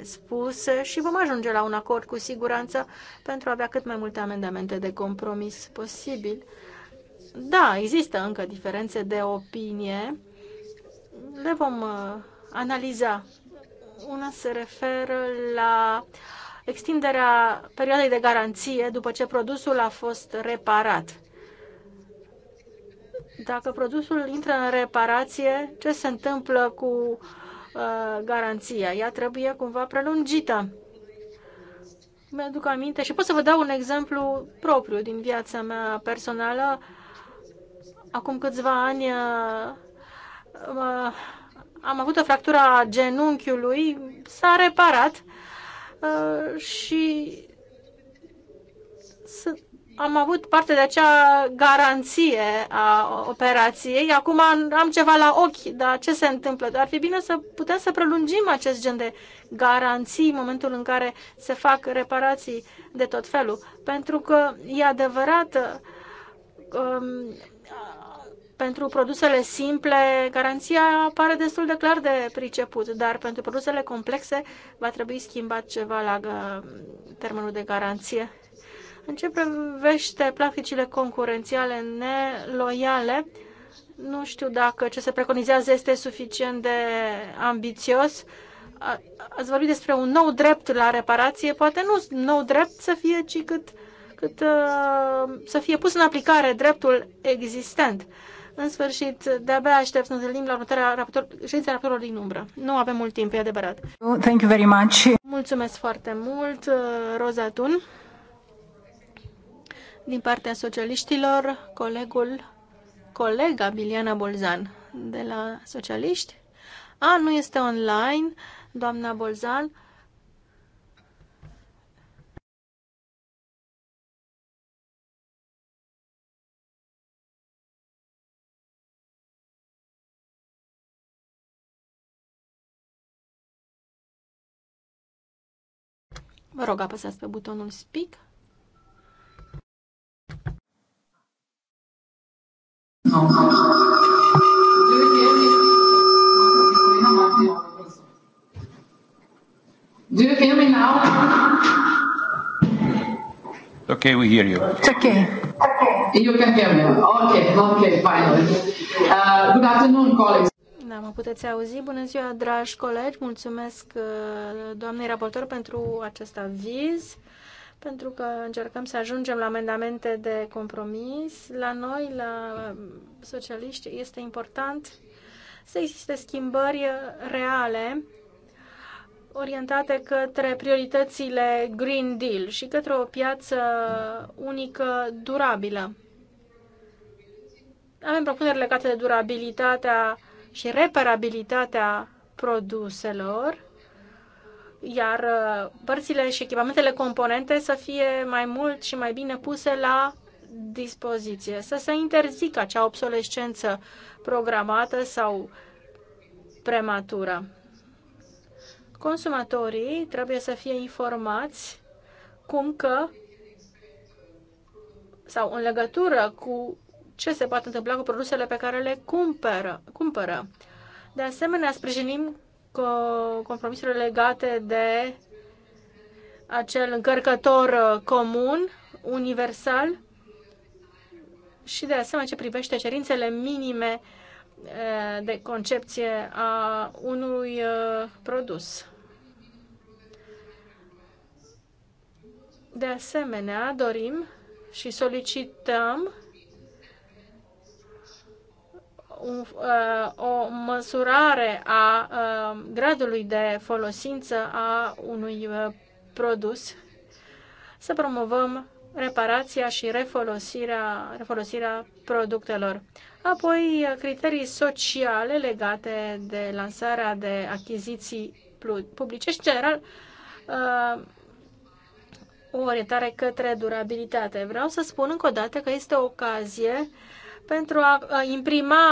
spuse și vom ajunge la un acord cu siguranță pentru a avea cât mai multe amendamente de compromis posibil. Da, există încă diferențe de opinie. Le vom analiza una se referă la extinderea perioadei de garanție după ce produsul a fost reparat. Dacă produsul intră în reparație, ce se întâmplă cu uh, garanția? Ea trebuie cumva prelungită. Mi-aduc aminte și pot să vă dau un exemplu propriu din viața mea personală. Acum câțiva ani uh, am avut o fractură a genunchiului, s-a reparat uh, și am avut parte de acea garanție a operației. Acum am ceva la ochi, dar ce se întâmplă? Ar fi bine să putem să prelungim acest gen de garanții în momentul în care se fac reparații de tot felul. Pentru că e adevărat um, pentru produsele simple, garanția pare destul de clar de priceput, dar pentru produsele complexe va trebui schimbat ceva la uh, termenul de garanție. În ce privește practicile concurențiale neloiale, nu știu dacă ce se preconizează este suficient de ambițios. Ați vorbit despre un nou drept la reparație, poate nu nou drept să fie, ci cât, cât uh, să fie pus în aplicare dreptul existent. În sfârșit, de-abia aștept să ne întâlnim la următoarea raportor, ședința raportorului din umbră. Nu avem mult timp, e adevărat. Oh, thank you very much. Mulțumesc foarte mult, uh, Roza Tun. Din partea socialiștilor, colegul, colega Biliana Bolzan de la socialiști. A, nu este online, doamna Bolzan. Vă rog, apăsați pe butonul Speak. Do you hear me now? Okay, we hear you. It's okay. Okay. You can hear me. Okay, okay, finally. Uh, good afternoon, colleagues. Da, mă puteți auzi. Bună ziua, dragi colegi. Mulțumesc uh, doamnei raportor pentru acest aviz, pentru că încercăm să ajungem la amendamente de compromis. La noi, la socialiști, este important să existe schimbări reale orientate către prioritățile Green Deal și către o piață unică durabilă avem propuneri legate de durabilitatea și reparabilitatea produselor, iar părțile uh, și echipamentele componente să fie mai mult și mai bine puse la dispoziție, să se interzică acea obsolescență programată sau prematură. Consumatorii trebuie să fie informați cum că sau în legătură cu ce se poate întâmpla cu produsele pe care le cumpără. cumpără. De asemenea, sprijinim compromisurile legate de acel încărcător uh, comun, universal și de asemenea ce privește cerințele minime uh, de concepție a unui uh, produs. De asemenea, dorim și solicităm un, uh, o măsurare a uh, gradului de folosință a unui uh, produs, să promovăm reparația și refolosirea, refolosirea produselor. Apoi, criterii sociale legate de lansarea de achiziții publice și, general, o orientare către durabilitate. Vreau să spun încă o dată că este o ocazie uh, pentru a imprima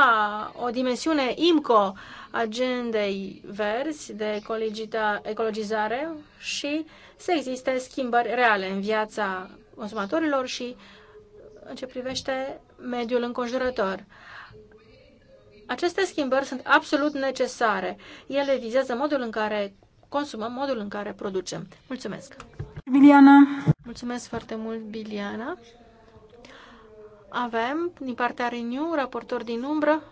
o dimensiune IMCO agendei verzi de ecologizare și să existe schimbări reale în viața consumatorilor și în ce privește mediul înconjurător. Aceste schimbări sunt absolut necesare. Ele vizează modul în care consumăm, modul în care producem. Mulțumesc! Biliana! Mulțumesc foarte mult, Biliana! avem, din partea Renew, raportor din umbră,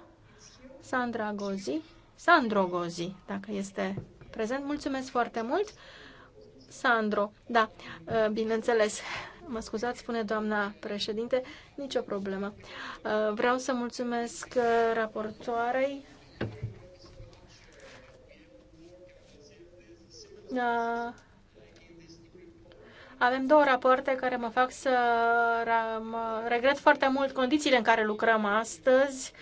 Sandra Gozi, Sandro Gozi, dacă este prezent. Mulțumesc foarte mult, Sandro. Da, ă, bineînțeles, mă scuzați, spune doamna președinte, nicio problemă. Ă, vreau să mulțumesc ă, raportoarei. Avem două rapoarte care mă fac să mă regret foarte mult condițiile în care lucrăm astăzi.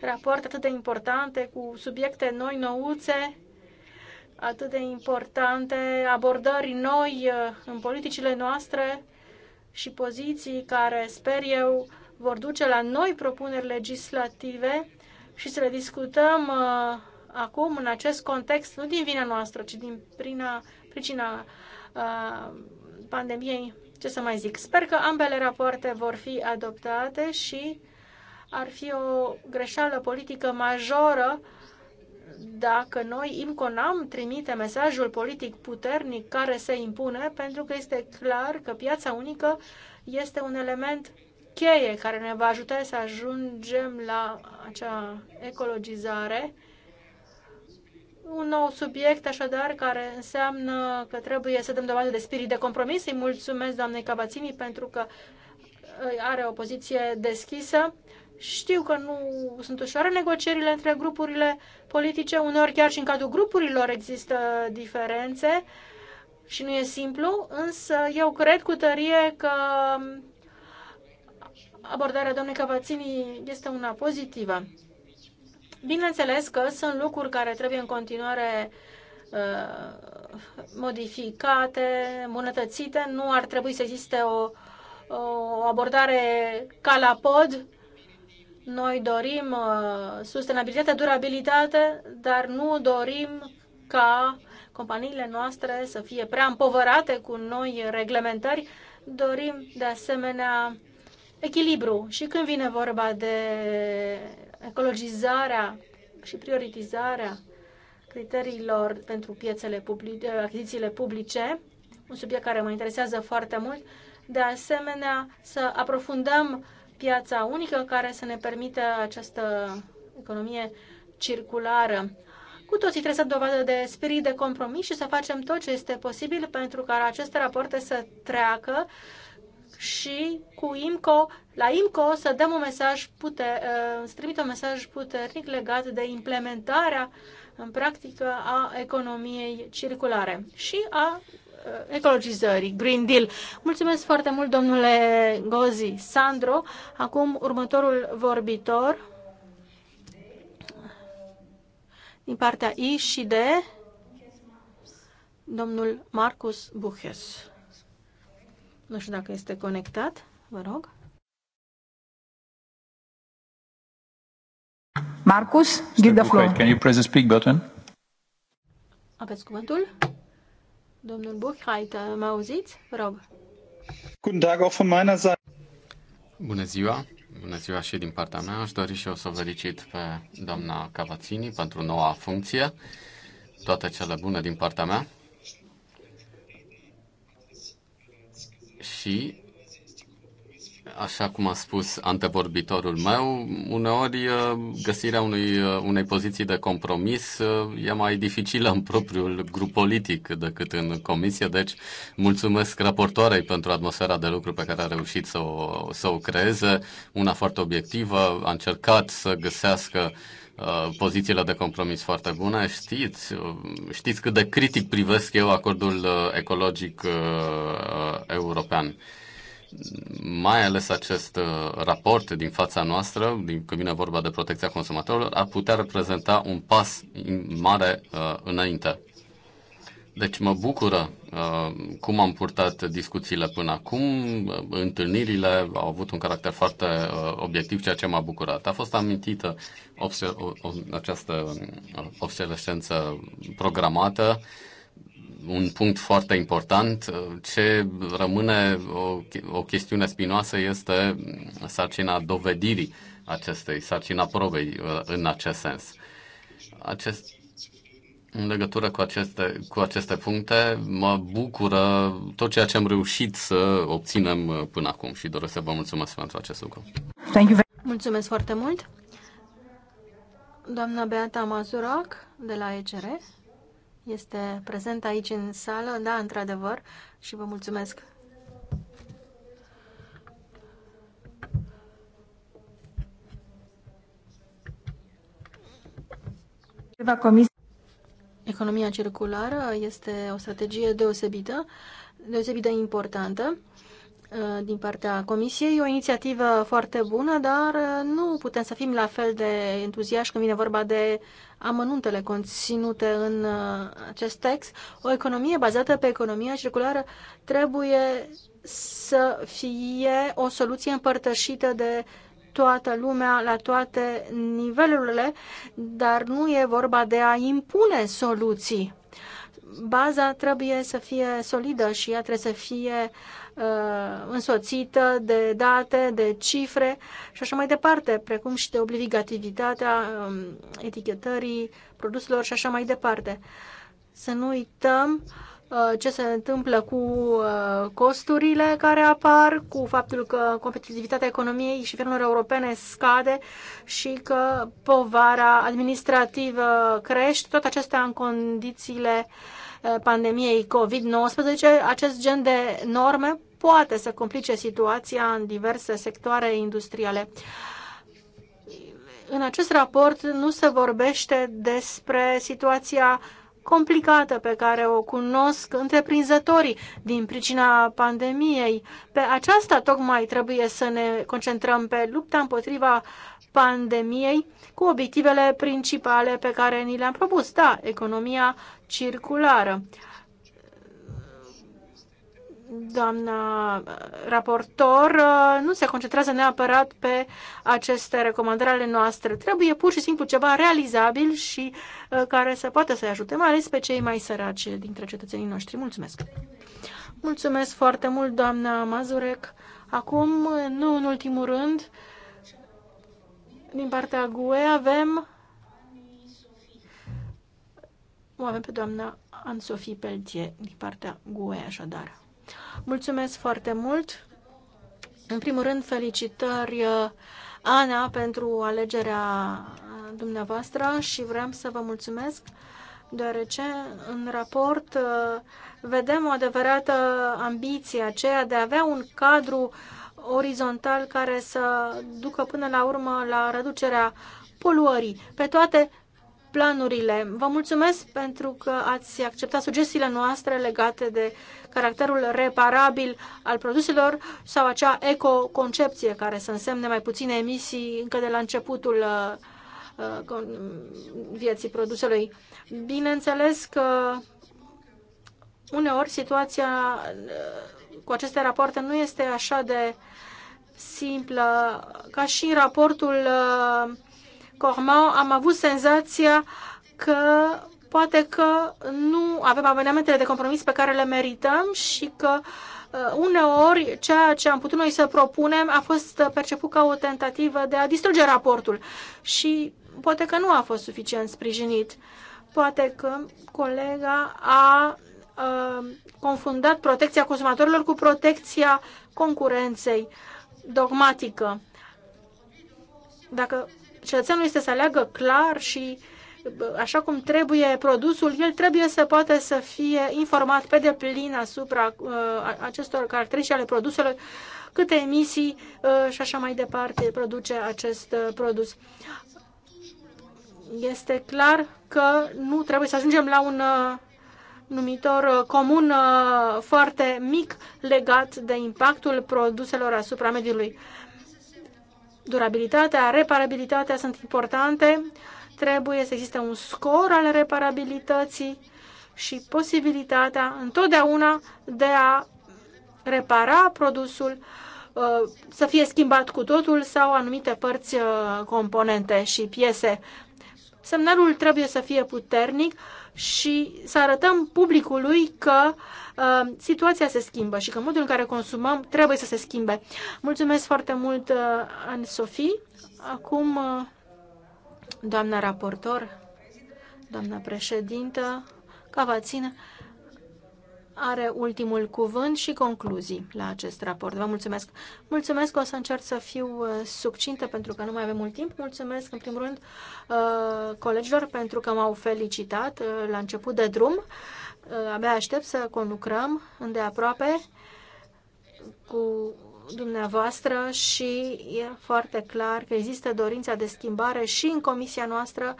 Rapoarte atât de importante, cu subiecte noi, nouțe, atât de importante, abordări noi uh, în politicile noastre și poziții care, sper eu, vor duce la noi propuneri legislative și să le discutăm uh, acum în acest context, nu din vina noastră, ci din prina, pricina uh, pandemiei. Ce să mai zic? Sper că ambele rapoarte vor fi adoptate și ar fi o greșeală politică majoră dacă noi, IMCO, n-am trimite mesajul politic puternic care se impune, pentru că este clar că piața unică este un element cheie care ne va ajuta să ajungem la acea ecologizare un nou subiect, așadar, care înseamnă că trebuie să dăm dovadă de spirit de compromis. Îi mulțumesc doamnei Cavațini pentru că uh, are o poziție deschisă. Știu că nu sunt ușoare negocierile între grupurile politice, uneori chiar și în cadrul grupurilor există diferențe și nu e simplu, însă eu cred cu tărie că abordarea doamnei Cavațini este una pozitivă. Bineînțeles că sunt lucruri care trebuie în continuare uh, modificate, îmbunătățite. Nu ar trebui să existe o, o abordare ca la pod. Noi dorim uh, sustenabilitate, durabilitate, dar nu dorim ca companiile noastre să fie prea împovărate cu noi reglementări. Dorim, de asemenea, echilibru. Și când vine vorba de ecologizarea și prioritizarea criteriilor pentru piețele publice, eh, achizițiile publice, un subiect care mă interesează foarte mult. De asemenea, să aprofundăm piața unică care să ne permită această economie circulară. Cu toții trebuie să dovadă de spirit de compromis și să facem tot ce este posibil pentru ca aceste rapoarte să treacă și cu IMCO, la IMCO să dăm un mesaj puter, uh, să trimit un mesaj puternic legat de implementarea în practică a economiei circulare și a uh, ecologizării, Green Deal. Mulțumesc foarte mult, domnule Gozi Sandro. Acum, următorul vorbitor din partea I și de domnul Marcus Buches. Nu știu dacă este conectat, vă rog. Marcus, give the floor. Can you press the speak button? Aveți cuvântul? Domnul Buchheit, mă auziți? Vă rog. Guten Tag auch von meiner Seite. Bună ziua, bună ziua și din partea mea. Aș dori și eu să felicit pe doamna Cavazzini pentru noua funcție. Toate cele bune din partea mea. și așa cum a spus antevorbitorul meu, uneori uh, găsirea unui, uh, unei poziții de compromis uh, e mai dificilă în propriul grup politic decât în comisie, deci mulțumesc raportoarei pentru atmosfera de lucru pe care a reușit să o, să o creeze, una foarte obiectivă, a încercat să găsească uh, Uh, pozițiile de compromis foarte bune. Știți, uh, știți cât de critic privesc eu acordul uh, ecologic european mai ales acest raport din fața noastră, din când vine vorba de protecția consumatorilor, ar putea reprezenta un pas mare înainte. Deci mă bucură uh, cum am purtat discuțiile până acum. Uh, întâlnirile au avut un caracter foarte uh, obiectiv, ceea ce m-a bucurat. A fost amintită obse- o, o, această uh, obsolescență programată, un punct foarte important. Uh, ce rămâne o, o chestiune spinoasă este sarcina dovedirii acestei, sarcina probei uh, în acest sens. Acest, în legătură cu aceste, cu aceste puncte, mă bucură tot ceea ce am reușit să obținem uh, până acum și doresc să vă mulțumesc pentru acest lucru. Thank you mulțumesc foarte mult! Doamna Beata Mazurac de la ECR este prezent aici în sală, da, într-adevăr, și vă mulțumesc. Comis Economia circulară este o strategie deosebită, deosebită importantă uh, din partea Comisiei. E o inițiativă foarte bună, dar uh, nu putem să fim la fel de entuziaști când vine vorba de amănuntele conținute în uh, acest text. O economie bazată pe economia circulară trebuie să fie o soluție împărtășită de toată lumea la toate nivelurile, dar nu e vorba de a impune soluții. Baza trebuie să fie solidă și ea trebuie să fie uh, însoțită de date, de cifre și așa mai departe, precum și de obligativitatea um, etichetării produselor și așa mai departe. Să nu uităm uh, Uh, ce se întâmplă cu uh, costurile care apar, cu faptul că competitivitatea economiei și firmelor europene scade și că povara administrativă crește, toate acestea în condițiile uh, pandemiei COVID-19, acest gen de norme poate să complice situația în diverse sectoare industriale. În acest raport nu se vorbește despre situația uh, complicată pe care o cunosc întreprinzătorii din pricina pandemiei. Pe aceasta tocmai trebuie să ne concentrăm pe lupta împotriva pandemiei cu obiectivele principale pe care ni le-am propus. Da, economia circulară doamna uh, raportor uh, nu se concentrează neapărat pe aceste recomandări ale noastre. Trebuie pur și simplu ceva realizabil și uh, care să poată să-i ajute, mai ales pe cei mai săraci dintre cetățenii noștri. Mulțumesc! Mulțumesc foarte mult, doamna Mazurek. Acum, nu în ultimul rând, din partea GUE avem o avem pe doamna Anne-Sophie Peltier din partea GUE, așadar. Mulțumesc foarte mult! În primul rând, felicitări, uh, Ana, pentru alegerea dumneavoastră și vreau să vă mulțumesc, deoarece în raport uh, vedem o adevărată ambiție aceea de a avea un cadru orizontal care să ducă până la urmă la reducerea poluării pe toate planurile. Vă mulțumesc pentru că ați acceptat sugestiile noastre legate de uh, caracterul reparabil al produselor sau acea ecoconcepție care să însemne mai puține emisii încă de la începutul uh, uh, vieții produselui. Bineînțeles că uneori situația uh, cu aceste rapoarte nu este așa de simplă. Ca și raportul Cormau, am avut senzația că poate că nu avem amendamentele de compromis pe care le merităm și că uh, uneori ceea ce am putut noi să propunem a fost perceput ca o tentativă de a distruge raportul și poate că nu a fost suficient sprijinit. Poate că colega a uh, confundat protecția consumatorilor cu protecția concurenței dogmatică. Dacă cetățeanul este să aleagă clar și uh, așa cum trebuie produsul, el trebuie să poată să fie informat pe deplin asupra uh, acestor caracteristici ale produselor, câte emisii uh, și așa mai departe produce acest uh, produs. Este clar că nu trebuie să ajungem la un uh, numitor uh, comun uh, foarte mic legat de impactul produselor asupra mediului durabilitatea, reparabilitatea sunt importante Trebuie să existe un scor al reparabilității și posibilitatea întotdeauna de a repara produsul uh, să fie schimbat cu totul sau anumite părți, uh, componente și piese. Semnalul trebuie să fie puternic și să arătăm publicului că uh, situația se schimbă și că modul în care consumăm trebuie să se schimbe. Mulțumesc foarte mult, uh, Anne-Sophie. Acum uh, doamna raportor, doamna președintă, Cavațin are ultimul cuvânt și concluzii la acest raport. Vă mulțumesc. Mulțumesc, că o să încerc să fiu uh, succintă pentru că nu mai avem mult timp. Mulțumesc, în primul rând, uh, colegilor pentru că m-au felicitat uh, la început de drum. Abia aștept să conlucrăm îndeaproape cu dumneavoastră și e foarte clar că există dorința de schimbare și în comisia noastră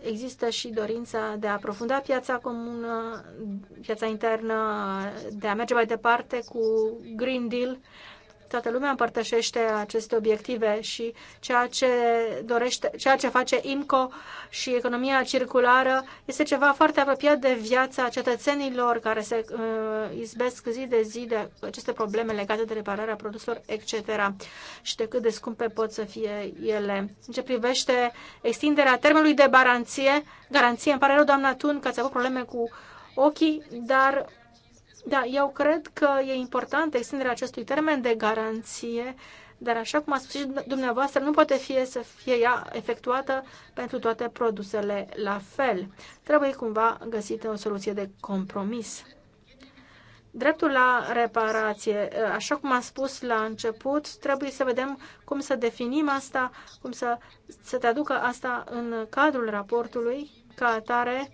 există și dorința de a aprofunda piața comună, piața internă, de a merge mai departe cu Green Deal toată lumea împărtășește aceste obiective și ceea ce, dorește, ceea ce face IMCO și economia circulară este ceva foarte apropiat de viața cetățenilor care se uh, izbesc zi de zi de aceste probleme legate de repararea produselor, etc. și de cât de scumpe pot să fie ele. În ce privește extinderea termenului de garanție, garanție îmi pare rău, doamna Tun, că ați avut probleme cu ochii, dar da, eu cred că e importantă extinderea acestui termen de garanție, dar așa cum a spus și dumneavoastră, nu poate fi să fie ea efectuată pentru toate produsele la fel. Trebuie cumva găsită o soluție de compromis. Dreptul la reparație, așa cum am spus la început, trebuie să vedem cum să definim asta, cum să, să aducă asta în cadrul raportului ca atare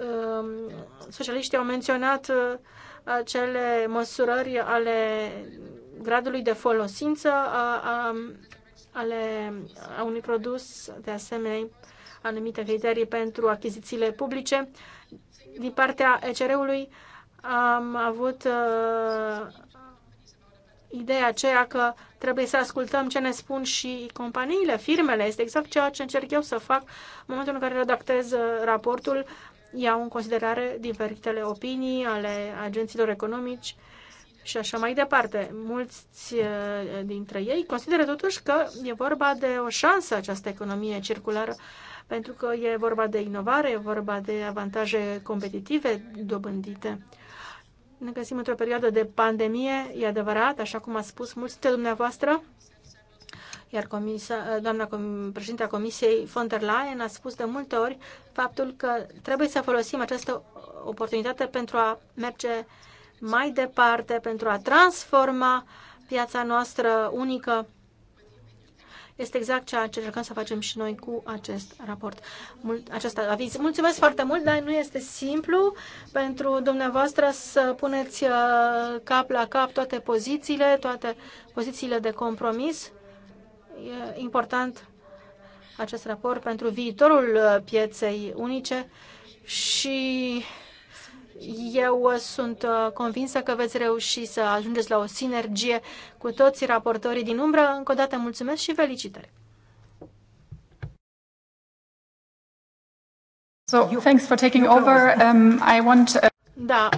Um, socialiștii au menționat uh, acele măsurări ale gradului de folosință a, a, ale a unui produs, de asemenea anumite criterii pentru achizițiile publice. Din partea ECR-ului am avut uh, ideea aceea că trebuie să ascultăm ce ne spun și companiile, firmele. Este exact ceea ce încerc eu să fac în momentul în care redactez uh, raportul iau în considerare diferitele opinii ale agenților economici și așa mai departe. Mulți eh, dintre ei consideră totuși că e vorba de o șansă această economie circulară pentru că e vorba de inovare, e vorba de avantaje competitive dobândite. Ne găsim într-o perioadă de pandemie, e adevărat, așa cum a spus mulți dintre dumneavoastră, iar comisa, doamna președintea Comisiei von der Leyen a spus de multe ori faptul că trebuie să folosim această oportunitate pentru a merge mai departe, pentru a transforma piața noastră unică. Este exact ceea ce încercăm să facem și noi cu acest raport, Mult, acest aviz. Mulțumesc foarte mult, dar nu este simplu pentru dumneavoastră să puneți uh, cap la cap toate pozițiile, toate pozițiile de compromis e important acest raport pentru viitorul uh, pieței unice și eu uh, sunt uh, convinsă că veți reuși să ajungeți la o sinergie cu toți raportorii din umbră. Încă o dată mulțumesc și felicitări! So, thanks for taking over. Um, I want... Da,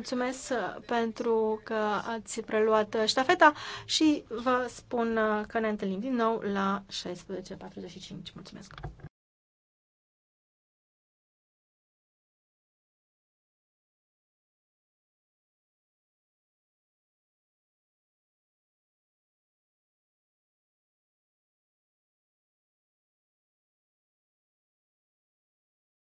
mulțumesc pentru că ați preluat ștafeta și vă spun că ne întâlnim din nou la 16.45. Mulțumesc!